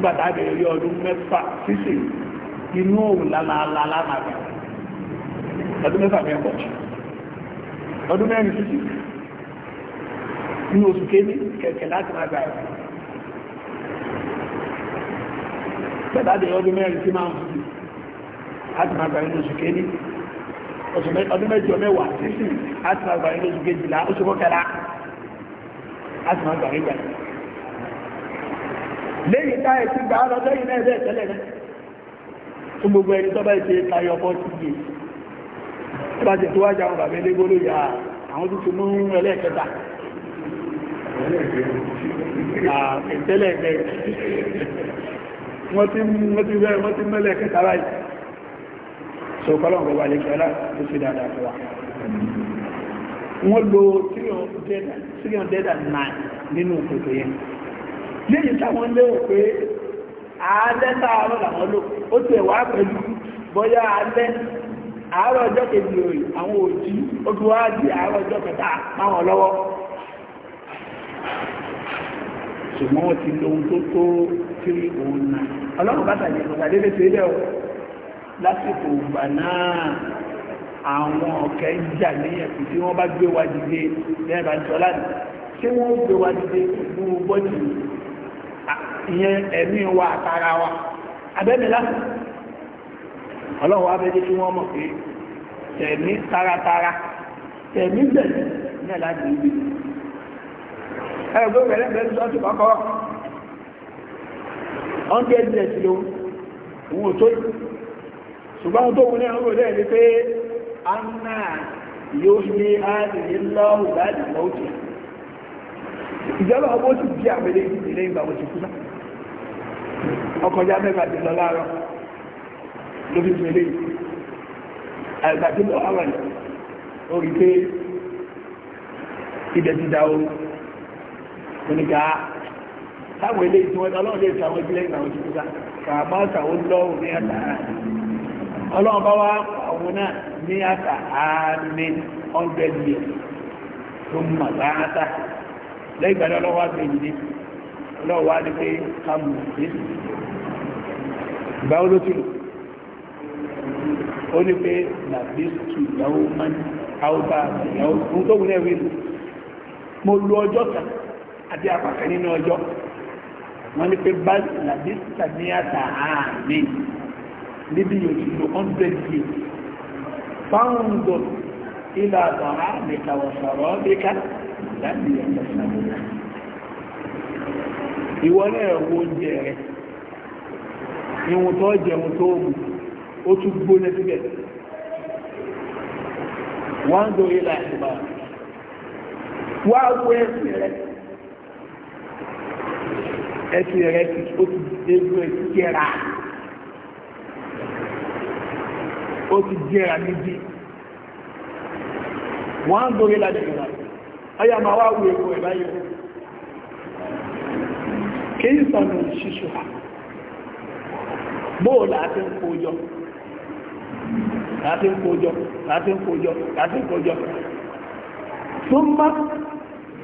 gbàtà bẹ̀rẹ̀ yọ ọdún mẹ́fà sísè inú òun lálàálà màgbà ọdún mẹ́fà mẹ́fà ọdún mẹ́rin sísè inú oṣù kéde kẹ̀kẹ́ láti máa gbà ẹ̀ gbàtà bẹ̀rẹ̀ ọdún mẹ́rin sí máa ń fi láti máa gbà inú oṣù kéde ọdún mẹ́jọ mẹ́wàá sísè láti máa gbà inú oṣù kejìlá oṣù kọkẹlá láti máa gbà ẹ̀ gbà ẹ̀ lẹ́yìn ká ẹ̀sí gbà á lọ lẹ́yìn náà ẹ̀bẹ́ tẹ́lẹ̀ rẹ̀ fún gbogbo ẹni tọ́bá ìṣe tayọ ọkọ̀ sí gbé tó bá ti tó wájà àwọn bàbá ilé gbóló yà àwọn tó ti mú ẹlẹ́ẹ̀kẹta tẹ́lẹ̀ ẹ̀fẹ́ wọ́n ti mẹ́lẹ̀ wọ́n ti mẹ́lẹ̀ kẹta báyìí so kọ́lọ̀ ọ̀rọ̀ wà lẹ́kẹ̀ẹ́ láti ṣe dáadáa fún wọ́n lo 309 nínú òkòtò yẹn léyìn táwọn lérò pé àálẹ́ sáàárọ̀ làwọn lò ó tẹ̀ wá pẹ̀lú bóyá alẹ́ àárọ̀ ọjọ́ kejì òyì àwọn òjì ojú wá di àárọ̀ ọjọ́ kẹta máwọn lọ́wọ́ ṣùgbọ́n wọ́n ti lo ohun tó tó tírí òun náà ọlọ́run bá tàbí ìgbà dédé ṣe lẹ́ o lásìkò ìgbà náà àwọn ọ̀kẹ́ ń jà níyẹn kù tí wọ́n bá gbé wa dìde lẹ́ẹ̀bà ń sọ láti ṣé wọ́n gbé wa dìde fún bọ́ọ̀dì ìyẹn ẹ̀mí wa àtara wa abẹ́mi lásán ọlọ́run wa bẹ́ẹ̀ tí wọ́n mọ̀ pé tẹ̀mí taratara tẹ̀mí bẹ̀rẹ̀ náà láti ibi ẹgbẹ́ rẹ̀ lẹ́gbẹ̀ẹ́ sọ́ọ̀tì kọ́kọ́rọ́ 100 years ló owó tó yìí ṣùgbọ́n tó wù ní ọ̀rọ̀ rẹ̀ ní pé a náà yóò ṣe ààrẹ lọ́wọ́ láti mọ́ ìgbà òtù kúsá ọkọjá a ti lọ láàárọ̀ ló àwọn orí pé ti dá o táwọn ilé ìtìwọ́n ọlọ́run lè tàwọn ìpínlẹ̀ ìgbàwọ̀n ti kúta kàmá tàwọn lọ́wọ́ ní àtà ọlọ́run bá wá àwọn náà ní àtà àmì 100 tó mọ̀ láàtà lẹ́gbàdọ́ ọlọ́wọ́ ìgbà wo ló ti lò ó ní pé làbísù ìyàwó máa ń àwọ̀bá ìyàwó fún tó wù lẹ́wìn lò mo lo ọjọ́ kan àti àpàkẹ́ nínú ọjọ́ wọ́n ní pé bá làbísù tàbí àtàhàmì níbi yóò ti lo 100 years fáwọndọ̀ ilà àtàhà nìkàwọ̀sọ̀rọ̀ nìkà láti ẹ̀kọ́ sàmúlà ìwọlé ẹ̀wọ̀ oúnjẹ rẹ̀ ìwọ̀n tó jẹun tó mú ó tún gbóná síbẹ̀ wọ́n ń dorí láti bá wá wọ ẹ̀sìn rẹ̀ ẹ̀sìn rẹ̀ ó ti dégbò ẹ̀sìn jẹ́ra ó ti jẹ́ra níbi wọ́n ń dorí láti bá ọya máa wá wọ ẹ̀kọ́ ẹ̀ báyìí kí ìsànà ṣíṣù hàn bóò láti ń kójọ láti ń kójọ láti ń kójọ láti ń kójọ súnmọ́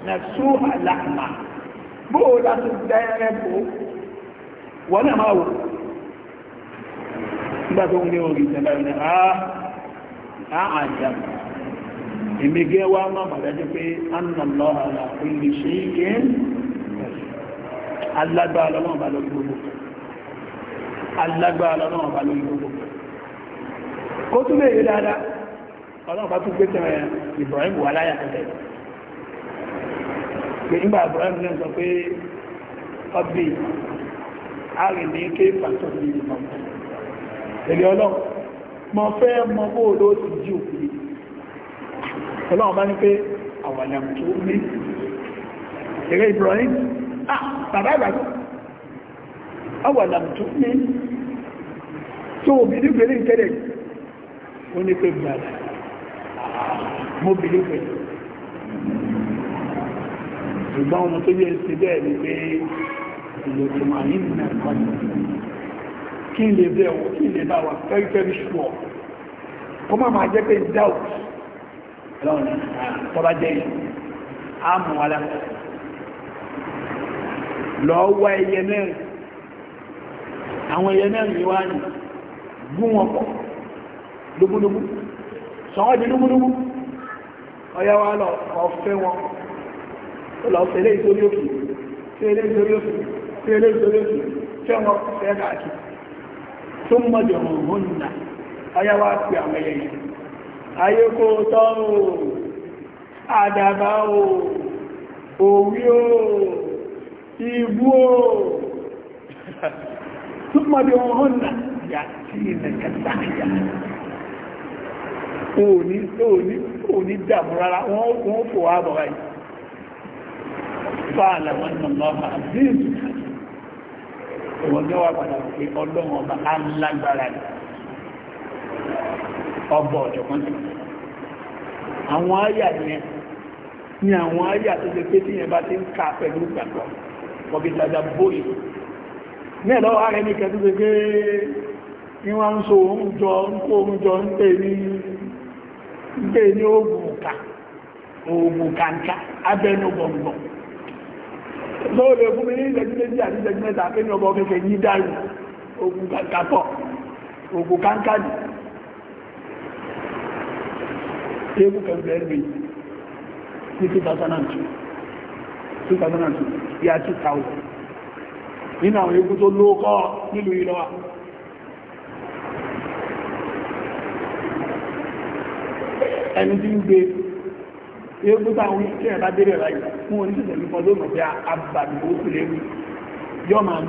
na sún àlàmà bóò láti bẹ́ẹ̀rẹ̀ bò wọ́n náà máa wò nígbà tó ń ní orí ìjọba ìrìn àá àjàm èmi gẹ́ wá máa màdájú pé annalọ́hàlà ilé ṣe é alágbára lọ́wọ́n bá lọ́gbọ́gbọ́ alágbára lọ́nà ọba lórí gbogbo kó tún lè rí dáadáa ọlọ́run bá tún gbé tẹ̀rẹ̀ eh, Ibrahim wà láyà tẹ̀lẹ̀ pé nígbà Ibrahim náà sọ pé ọbí àrìn ní ké pàtó ní ìmọ̀ ẹ̀lẹ́ ọlọ́run mọ fẹ́ mọ bóòló ti jí òkú ọlọ́run bá ní pé àwàlẹ̀ tó ní ẹ̀rẹ́ Ibrahim ah bàbá ìgbàgbọ́ àwàlẹ̀ tó ní tó wò bìlú pẹ̀lú ìtẹ́lẹ̀ ó ní pé gbàdá mo bìlú pẹ̀lú ṣùgbọ́n ọmọ tó yẹ ṣe bẹ́ẹ̀ ni pé ìlò tó máa ní ìrìnà ìpàdé kí n lè bẹ́ẹ̀ wọ kí n lè bá wa very very sure kó má máa jẹ́ pé doubt lọ́nà tọ́bá jẹ́ àmú wa lára lọ́wọ́ ẹyẹ mẹ́rin àwọn ẹyẹ mẹ́rin wá nìí gún wọn pọ̀ lógúnlógún sọ̀wọ́n di lógúnlógún ọya wa lọ ọ̀fẹ́ wọn lọ fẹ́lẹ́ ìtorí òkè fẹ́lẹ́ ìtorí òkè fẹ́lẹ́ ìtorí òkè fẹ́ wọn fẹ́ káàkiri tó nà ọya wa pè àwọn ayé kó àdàbà o òwí o ìbú o <laughs> tó nà ìnàkà tààyà òní òní òní dàmú rárá wọ́n wọ́n fò ààbọ̀ ráyì fáàlà wọn nà lọ́wọ́ àbíyèsù ìwọ̀n ní wà padà pé ọlọ́run ọba alágbára rẹ̀ ọba ọ̀jọ̀kan sí àwọn àyà yẹn ni àwọn àyà tó ṣe pé tí yẹn bá ti ń ka pẹ̀lú ìgbàgbọ́ ọ̀gbìn tàjà bóyì ní ẹ̀lọ́wọ́ ara ẹni kẹ́ tó ṣe pé ní wọ́n ń so oòrùn jọ ń pè ní oògùn ká oògùn kàńkà abẹ́nu gbọ̀ngbọ̀n lóòrè fún mi ní ìlẹ́gbẹ́jì àti ìlẹ́gbẹ́ta pé ní ọgbọ̀n kẹfẹ́ yí dárù oògùn kàńkà kẹfẹ́ 2002 2002 nínú àwọn tó lóókọ́ ẹni tí ń gbé eégún táwọn tí ẹ̀ bá débẹ̀ báyìí fún oníṣẹ̀ṣẹ̀ ní fọdún mọ̀ pé abàmì ó sì léwu yọ máa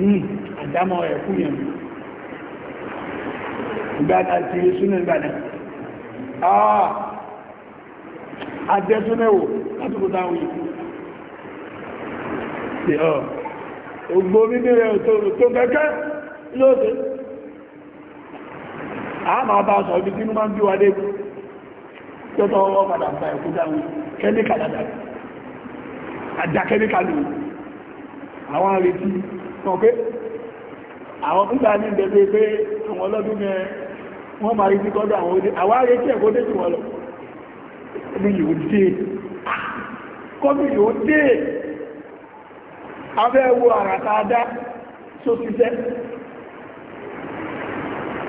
mí àdámọ̀ ẹ̀ fún yẹn ìgbà náà ti rí súnú ìgbà náà àà ah! àjẹsúnẹ̀wò látùkù táwọn yìí ti ọ̀ ògbó bíbí rẹ̀ tó kẹ́kẹ́ lóòtẹ́ a ma bá sọ ibi tínú máa ń bí wa dé tó ọwọ́ padà gba ẹ̀kú dáwé kẹ́míkà dáadáa àjá kẹ́míkà àwọn àrètí sọ pé àwọn nígbà ní ìdẹ́gbé pé àwọn ọlọ́dún mẹ́ máa rí kọ́dọ̀ àwọn ẹ̀kọ́ lọ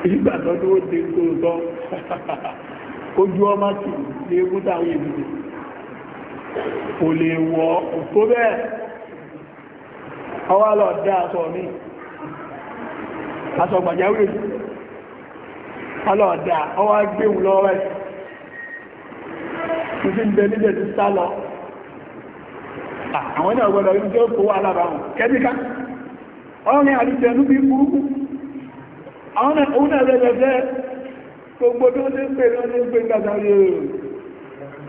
ìgbà tó tó ti tó tọ́ <laughs> ojú ọmọ tí lè gún táwọn ìdìbò kò lè wọ òtó bẹ́ẹ̀ ọwá lọ dá aṣọ mi aṣọ gbàjáwé ọlọ́ọ̀dá ọwá gbéhùn lọ́wọ́ ẹ̀ tó fi ń bẹ nílẹ̀ tó sá lọ àwọn náà gbọ́dọ̀ yóò tó wà lábàáhùn kẹ́míkà ọ̀rin àríjẹ̀nú bí burúkú àwọn òun ẹ̀rẹ́lẹ́lẹ́ gbogbo tó ní pè lọ ní pé gbàgbàrí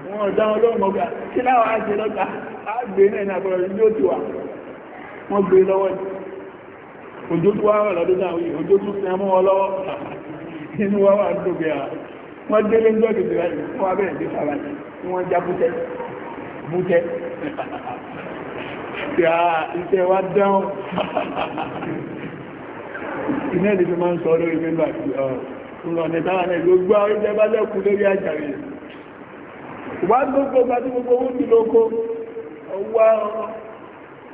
wọn ọ̀dá ọlọ́mọ gbà kí láwọn àti lọ́gbà àgbè náà ní àbọ̀rọ̀ yóò ti wà wọ́n gbé lọ́wọ́ òjò tó wá rọ̀ lọ́dún náà òjò tó fi ẹmọ́ ọlọ́wọ́ inú wá wà lóbi à wọ́n délé ń gbọ́dọ̀ sí láti fún abẹ́rẹ́ sí fara ní wọ́n já bútẹ́ bútẹ́ <laughs> iṣẹ́ wa dáhùn <laughs> iná ilé fi máa ń sọ lórí mẹ́bà ìrọ̀nà ìtara náà gbogbo àwọn ìjẹ bá lẹ́kù lórí àjàrí wà gbogbo bá tí gbogbo owó ti lóko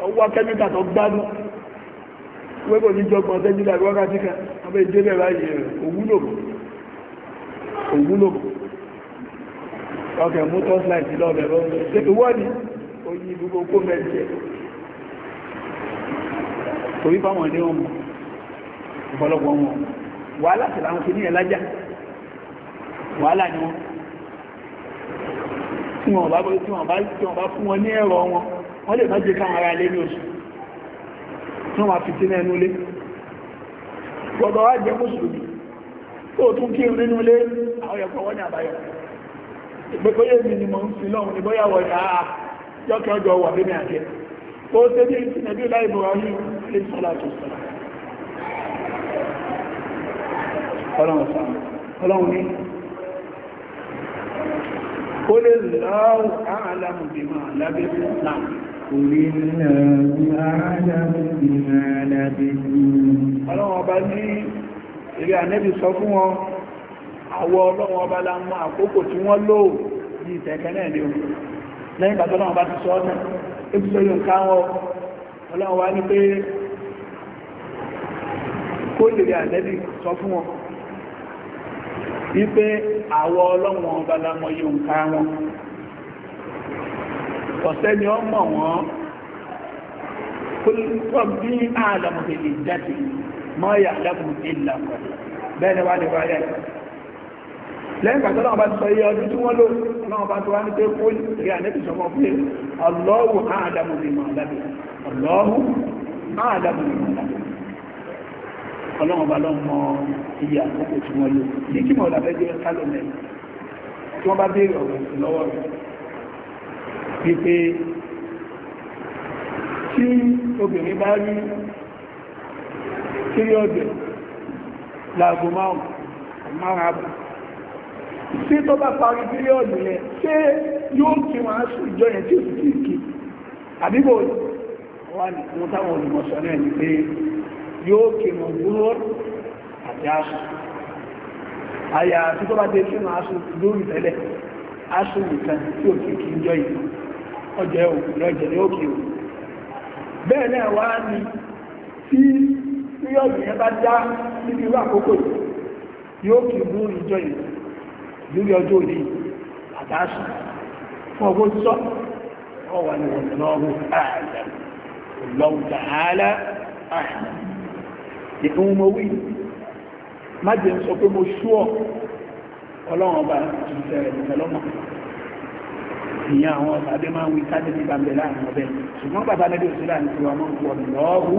ọwọ́ kẹ́míkà tó gbádùn wẹ́bọ̀ ní jọgbọ̀n tẹ́jú láti wákàtí kan abẹ́ ìdébẹ̀ báyìí òwúlò ọkẹ̀ mú tọ́sílàìtì lọ́bẹ̀ lọ́wọ́ ìwọ́ni oyin gbogbo kó mẹ́jẹ̀ torí fáwọn ilé wọn mọ̀ ọ̀pọ̀lọpọ̀ wọn wàhálà sí làwọn ti ní ẹ̀ lájà wàhálà ni wọn tí wọn bá tí wọn bá tí wọn bá fún wọn ní ẹ̀rọ wọn wọ́n lè má jẹ́ káwọn ará ilé ní oṣù tí wọ́n fi sínú ẹnu ilé gbọ́dọ̀ wá jẹ́ mùsùlùmí tó tún kí nínú ilé àwọn ẹ̀kọ́ wọ́n ní àbáyọ̀ ìgbẹ́kọ́yé ah, ah, mi ni mo ọlọ́run sọ ọlọ́run ní ó lè lọ́wọ́ àálàmù bí máa lábẹ́ fún náà Ọlọ́run ọba ní eré ànẹ́bì sọ fún wọn, àwọ ọlọ́run ọba la mọ àkókò tí wọ́n lò ní ìtẹ̀ẹ̀kẹ́ náà lè ohun. Lẹ́yìn ìgbà tọ́lọ́run ọba ti sọ ọ́nà, ìbùsọ̀rọ̀ nǹkan wọn, ọlọ́run wá ní pé kó lè rí ànẹ́bì sọ fún wọn wípé àwọ ọlọ́wọ̀n ọba lámọ́ yóò ń ká wọn ọ̀sẹ́ ni ó mọ̀ wọ́n kúlùkọ́ bí àlàmù ìlú jáde mọ́ yà lámù ìlà bẹ́ẹ̀ wá lè wáyé lẹ́yìn pàtó náà bá ti sọ iye ọdún tí wọ́n lò náà bá ti wá ní pé kó rí ànẹ́bì sọmọ pé ọlọ́wù àdàmù ìmọ̀ ọ̀lẹ́bì ọlọ́wù àdàmù ìmọ̀ ọ̀lẹ́bì ọlọ́run bá lọ mọ iye àkókò tí wọ́n lò ní kí mọ̀ọ́lá fẹ́ jẹ́ kálọ̀mẹ̀ tí wọ́n bá béèrè ọ̀rọ̀ lọ́wọ́ rẹ̀ wípé tí obìnrin bá rí kírí ọ̀dẹ̀ láàgbò márùn-ún àbọ̀ tí tó bá parí kírí ọ̀dẹ̀ yẹn ṣé yóò kí wọ́n á sí ìjọ yẹn tí ó sì yóò kìrùn gbúrò àti aṣù àyà tí tó bá dé kí ma aṣù lórí tẹ́lẹ̀ aṣù nìkan tí ò kí kí jọ yìí ọjọ́ òkú lọ́jọ́ ní òkè òkú bẹ́ẹ̀ náà wá ní tí píríọ̀dù yẹn bá já níbi irú àkókò yóò kí mú ìjọ lórí ọjọ́ òní àti aṣù fún sọ ọwà ààrẹ ìfún mo wí má jẹ́ sọ pé mo ṣúọ̀ ọlọ́run ọba ìṣẹ́ rẹ̀ nìkan lọ́mọ ìyẹn àwọn ọ̀sàdé máa ń wí kájẹ́ ní gbàgbé láàrin ọbẹ̀ ṣùgbọ́n bàbá lẹ́dí òṣèlú àti tiwa máa ń pọ̀ lọ́ọ̀rù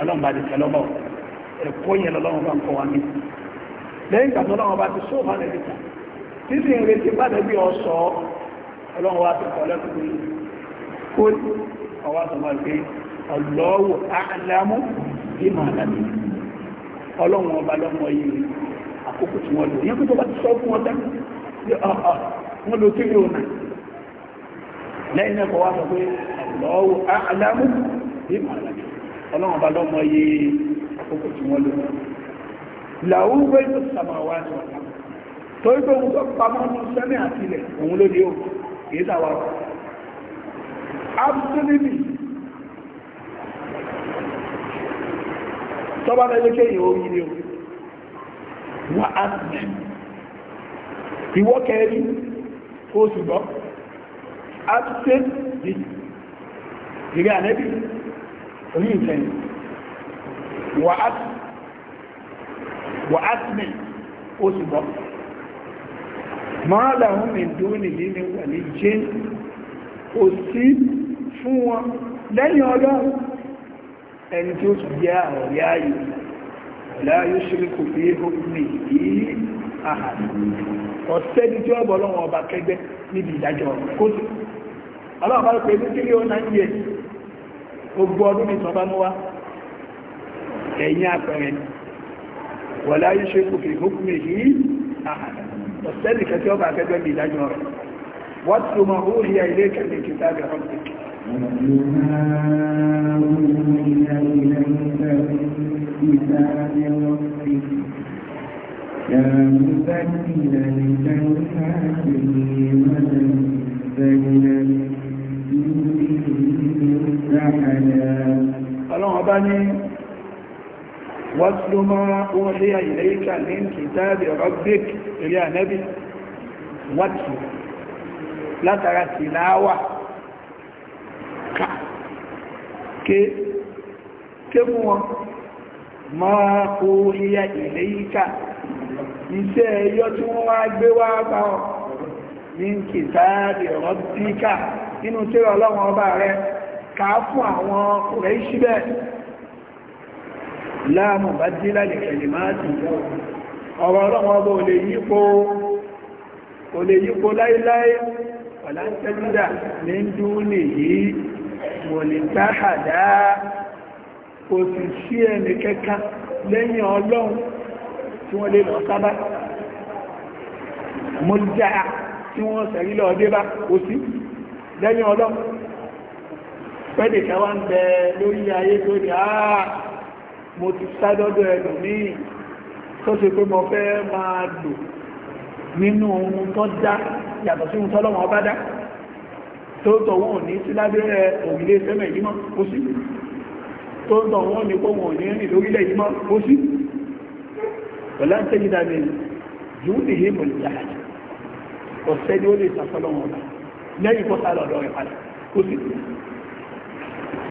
ọlọ́run bá nìkan lọ́mọ ẹ̀kọ́ yẹn lọ́lọ́run bá ń kọ́ wa ní lẹ́yìn ìgbà tó lọ́wọ́ bá ti sóòfà lẹ́bí kan tí sì ń retí bá lẹ́bí ọ̀sọ́ ọlọ́run wa ti kọ́ lẹ́kùnrin kó ọwọ́ àtọ́mọ́ ìpé ọlọ́wọ́ àlámú àlèmà àdàbí ọlọ́run ọba lọ́mọ yìí àkókò tí wọ́n lò yẹn kó tó bá ti sọ fún wọn dá ah, ah, wọ́n lo kí lóòna lẹ́yìn náà kọ̀ wá sọ pé lọ́wọ́ àdámú bí màdàbí ọlọ́run ọba lọ́mọ yìí àkókò tí wọ́n lò làwọn wẹ́ ló sàmà wá sọ torí pé òun tó pamọ́ ọmọ sẹ́mi àtìlẹ̀ òun ló dé o kì í sàwárọ̀ absolutely tọ́bá fẹ́ lókè yìí orí ilé wà á ìwọ́ kẹrí kó ṣùgbọ́ á ti ṣe di ìrẹ́ ànẹ́bí orí ìfẹ̀yìn wà á ti mẹ́ kó ṣùgbọ́ máa làwọn mẹ́dó nìlé ní wà ní jẹ́ kò sí fún wọn lẹ́yìn ọlọ́run ẹni tí ó sì jẹ́ ọ̀rẹ́ ààyè láyé ṣíríkù bí omi yìí àhàdì ọ̀sẹ́ni tí ó bọ̀ lọ́wọ́ ọba kẹgbẹ́ níbi ìdájọ́ kóòtù ọlọ́ọ̀bá pé ní kílí ó náà ń yẹ gbogbo ọdún ní ìtọ́bá mú wá ẹ̀yìn àpẹẹrẹ wọ̀ láyé ṣíríkù bí ọ̀sẹ́ni kẹgbẹ́ níbi ìdájọ́ rẹ̀ wọ́n ti mọ̀ ó rí ilé kẹ́lẹ̀ kìtàbí ọ̀pẹ̀ Ọlọ́run bá ní wọ́sùlú máa ó lé ilẹ̀ ìkà ní kìtàbí rọ́gbík ilé ànẹ́bí wọ́tù látara tìláwà ká ké ké fún wọn máa kó yíya ilẹ̀ yíká iṣẹ́ ẹyọ tí wọ́n wá gbé wá bá ọ ní kìtàrí ọ̀rọ̀ bíkà nínú tí ọlọ́wọ́n ọba rẹ ká fún àwọn ọ̀rẹ́ ìṣíbẹ̀ láàmù bá dí lálẹ̀ kẹlìmáàtì ọ̀rọ̀ ọlọ́wọ́n ọba ò lè yípo láíláí ọ̀lá ń tẹ́jú mọ̀lẹ̀gbáhàdá kò sì sí ẹni kẹta lẹ́yìn ọlọ́run tí wọ́n lè lọ sábá mọ́lẹ̀já tí wọ́n sẹ̀rí lọ dé bá kò sí lẹ́yìn ọlọ́run pẹ́lẹ̀ kẹwàá ń bẹ lórí ayé tó ní àà mo ti sádọ́dọ̀ ẹlòmíì tó tó tóótọ̀ wọn ò ní sí lábẹ́rẹ́ òmìnir sẹ́mẹ̀ yìí mọ́ kó sí tóótọ̀ wọn ní kó wọn ò ní rìn lórílẹ̀ yìí mọ́ kó sí pẹ̀lá ń tẹ́jì dáadé yóò lè hé mọ̀lì jáde ọ̀sẹ́ ni ó lè sàfọ́lọ́ wọn bá lẹ́yìn kọ́ta lọ́dọ̀ rẹ̀ padà kó sí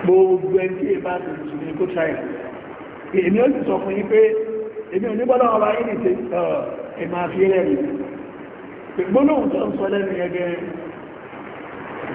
gbogbo ẹni tí èbá tó ti ní kó ṣáyà èmi ó sì sọ fún yín pé èmi ò ní bọ́lá ọba yìí nìtẹ́ ẹ̀ máa fi rẹ̀ rí gbólóhùn tó ń sọ lẹ́nu ẹgbẹ́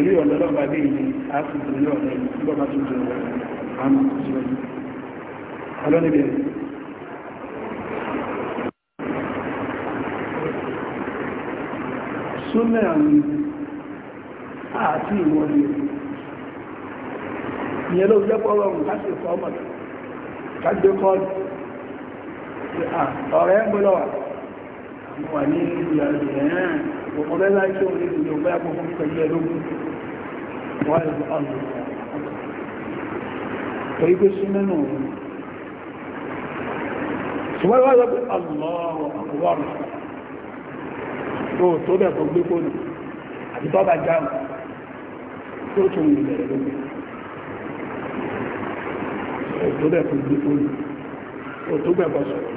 pẹ̀lú ọ̀lọ́lọ́gbà dé ìlú áfíìsì ní ọ̀rẹ́ ìgbọ́gbà tó jẹ́ àmà síwájú ọlọ́nibẹ̀rẹ̀ súnmẹ̀ àwọn àti ìwọ̀lẹ̀ ìyẹn ló jẹ́ pọ́lọ̀ ọ̀rùn káṣẹ̀ fọ́ọ̀mọ̀ káṣẹ̀ kọ́ ọ̀rẹ́ ń gbọ́lọ́wà wà ní ìyá ìrìnà ọmọ bẹ́lá tí ó ní ìlú ọgbẹ́ àpapọ̀ pẹ̀lú ẹlógún wà ìlú ọ̀nà torí pé sí mẹ́nà òun ṣùgbọ́n wá gbé kónù àti bọ́bà jáàmù sọ̀rọ̀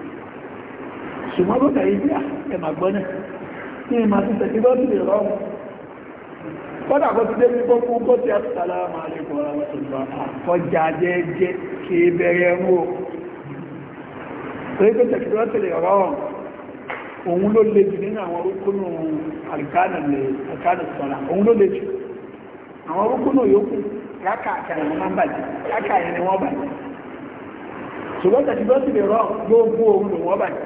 ṣùgbọ́n ló tẹ̀yí bí ah, ẹ̀mà gbọ́nà ní ìmà tó tẹ̀sí ló ti lè rọrùn kọ́dà kó ti débi kó fún kó ti àtàlà máa lè kọ́ ọ̀rọ̀ tó lọ àkọjá jẹ́jẹ́ kí bẹ̀rẹ̀ wò torí pé tẹ̀sí ló ti lè rọrùn òun ló le jù nínú àwọn orúkúnù àríkánà sọ̀rọ̀ òun ló le jù àwọn orúkúnù yòókù rákàkà ni wọ́n máa ń bàjẹ́ rákà yẹn ni wọ́n bàjẹ́ ṣùgbọ́n tẹ̀sí ló ti lè rọrùn gbogbo òun lòun wọ́n bàjẹ́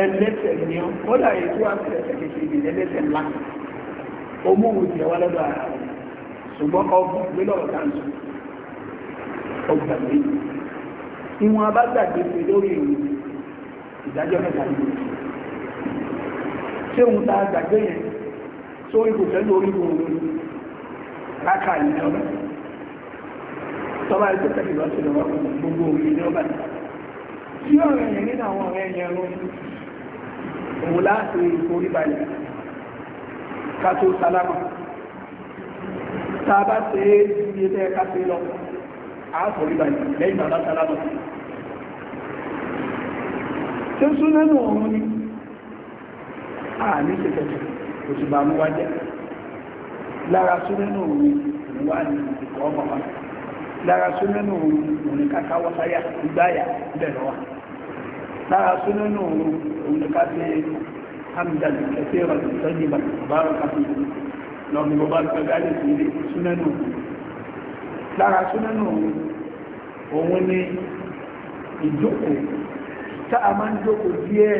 ẹlẹ́sẹ̀ ni ọ́ kọ́dà èyí tó wà ẹlẹ́sẹ̀ ńlá ó ti ẹwà lọ́dọ̀ ara ṣùgbọ́n ọgbà ìwọ̀n abágbàgbé lórí ìdájọ́ mẹ́ta ṣé òun ta yẹn tó lórí káàkà tọ́ba lọ́wọ́ gbogbo òun tí ọ̀rẹ́ yẹn nínú àwọn ọ̀rẹ́ yẹn òun láti orí balẹ̀ kátó sálámà tàbá ṣe é iye tẹ́ kásẹ̀ lọ àáforí balẹ̀ lẹ́yìn bàbá sálámà tí ó sún nínú ọ̀run ni a ní ṣe tẹ̀tẹ̀ òṣùbà mú wá jẹ́ lára sún nínú ọ̀run ìwà ní ìkọ́ ọmọ wa lára sún nínú ọ̀run ìrìn kákáwọ́ sáyà ìgbáyà bẹ̀rẹ̀ lára súnúnù òun ní ká ṣe hamdan kẹsẹ̀ rẹ̀ ìtọ́jú bàtà bàbá kàfí lọ́gbìn bàbá kàfí alẹ́ sí ilé súnúnù lára súnúnù òun ní ìjókòó tá a máa ń jókòó díẹ̀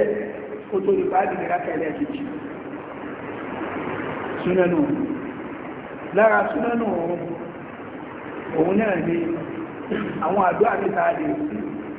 kó tó lè bá dìde rákẹ́lẹ́ kejì súnúnù lára súnúnù òun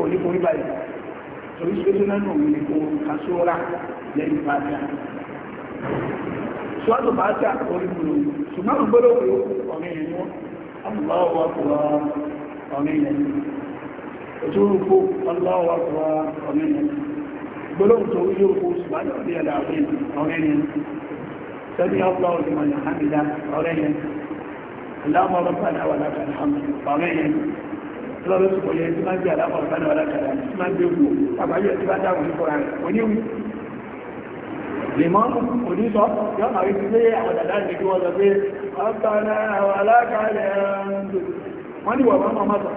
ó ní kò rí báyìí torí ṣojú náà nù ní kò kà sóra lẹ́yìn fàájà ṣọ́ọ̀tù fàájà orí gbòòrò ṣùgbọ́n mo gbọ́dọ̀ pé ọ̀rẹ́ yẹn ni wọ́n ọlọ́wọ́ ọkùnrin ọ̀rẹ́ yẹn ni ojú rúkú ọlọ́wọ́ ọkùnrin ọ̀rẹ́ yẹn ni gbọ́dọ̀ tó ojú rúkú ṣùgbọ́n ọ̀rẹ́ yẹn ni sẹ́ni ọlọ́wọ́ ọ̀rẹ́ yẹn ni اللهم ربنا ولك الحمد أمين lọ́rọ̀ tó kọ̀ yẹ tí máa ń gbé àlámọ̀ ìbáná wà lákàtà tí máa ń gbé ogun àbáyé tí bá dáhùn ní kọ̀ọ̀rọ̀ rẹ̀ oníwù lèmọ́mù onísọ yọ́ máa rí pé àwọn dàdá ní kí wọ́n sọ pé ọ̀tọ̀nà àwọn alákàlẹ̀ wọ́n ní wọ̀n máa mọ́tọ̀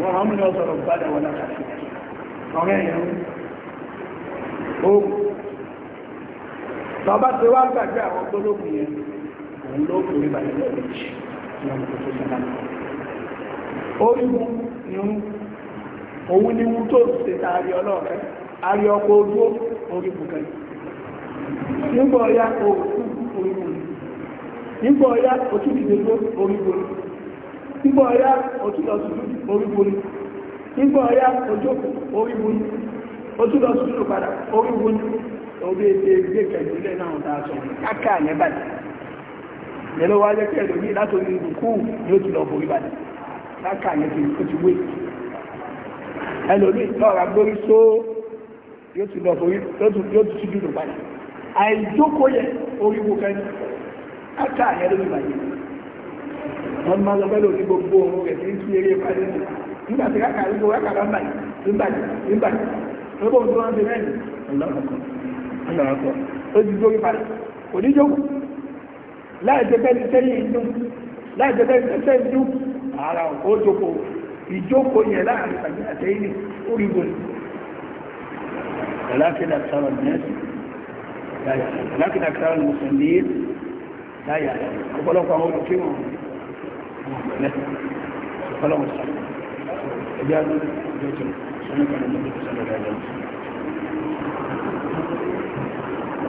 wọ́n máa mú ní ọ̀sọ̀rọ̀ ìbáná wà lákàtà ọ̀rẹ́ ẹ̀yẹn ó tọba ti wá gbàgbé àwọn gbólógún yẹn òun ló kò rí bàjẹ́ lẹ́ẹ̀mejì tí wọ́n mú tó sọ́nà náà orígun irun òun ni mú tó ṣe tààrí ọlọ́ọ̀fẹ́ àrí ọkọ̀ ojú orígun kan nígbà ọ̀yá òkú orígun nígbà ọ̀yá òtún ìdèdó orígun nígbà ọ̀yá òtún lọ́sùn orígun nígbà ọ̀yá òjókòó orígun ètè ìgbé kẹjìlẹ̀ láka yẹn ti ti wé ẹlòmíì tọ́ra gbórí só yóò ti lọ borí yóò ti ti dùdù padà àìjókòó yẹ oríwo kẹ́ni láka yẹn ló ti wọ́n máa lọ bẹ́ẹ̀ gbogbo ohun rẹ̀ tí ń eré pàdé nù nígbà tí láka yẹn gbogbo láka bá ń bàjẹ́ ń bàjẹ́ lọ́gbọ̀n tó wọ́n ti rẹ̀ ní ó ti ara ó jókòó ìjókòó yẹn láàrin tàbí àtẹ́yìnì ó rí bò ní ẹ̀lákìdà sára mẹ́sì láyà ẹ̀lákìdà sára mùsùlùmí láyà ọ̀pọ̀lọpọ̀ àwọn olùkí wọn lẹ́sẹ̀ ọ̀pọ̀lọpọ̀ sára ẹgbẹ́ àdúgbò ìjọ́jọ́ sọ́nà kan ní ọdún sọ́nà kan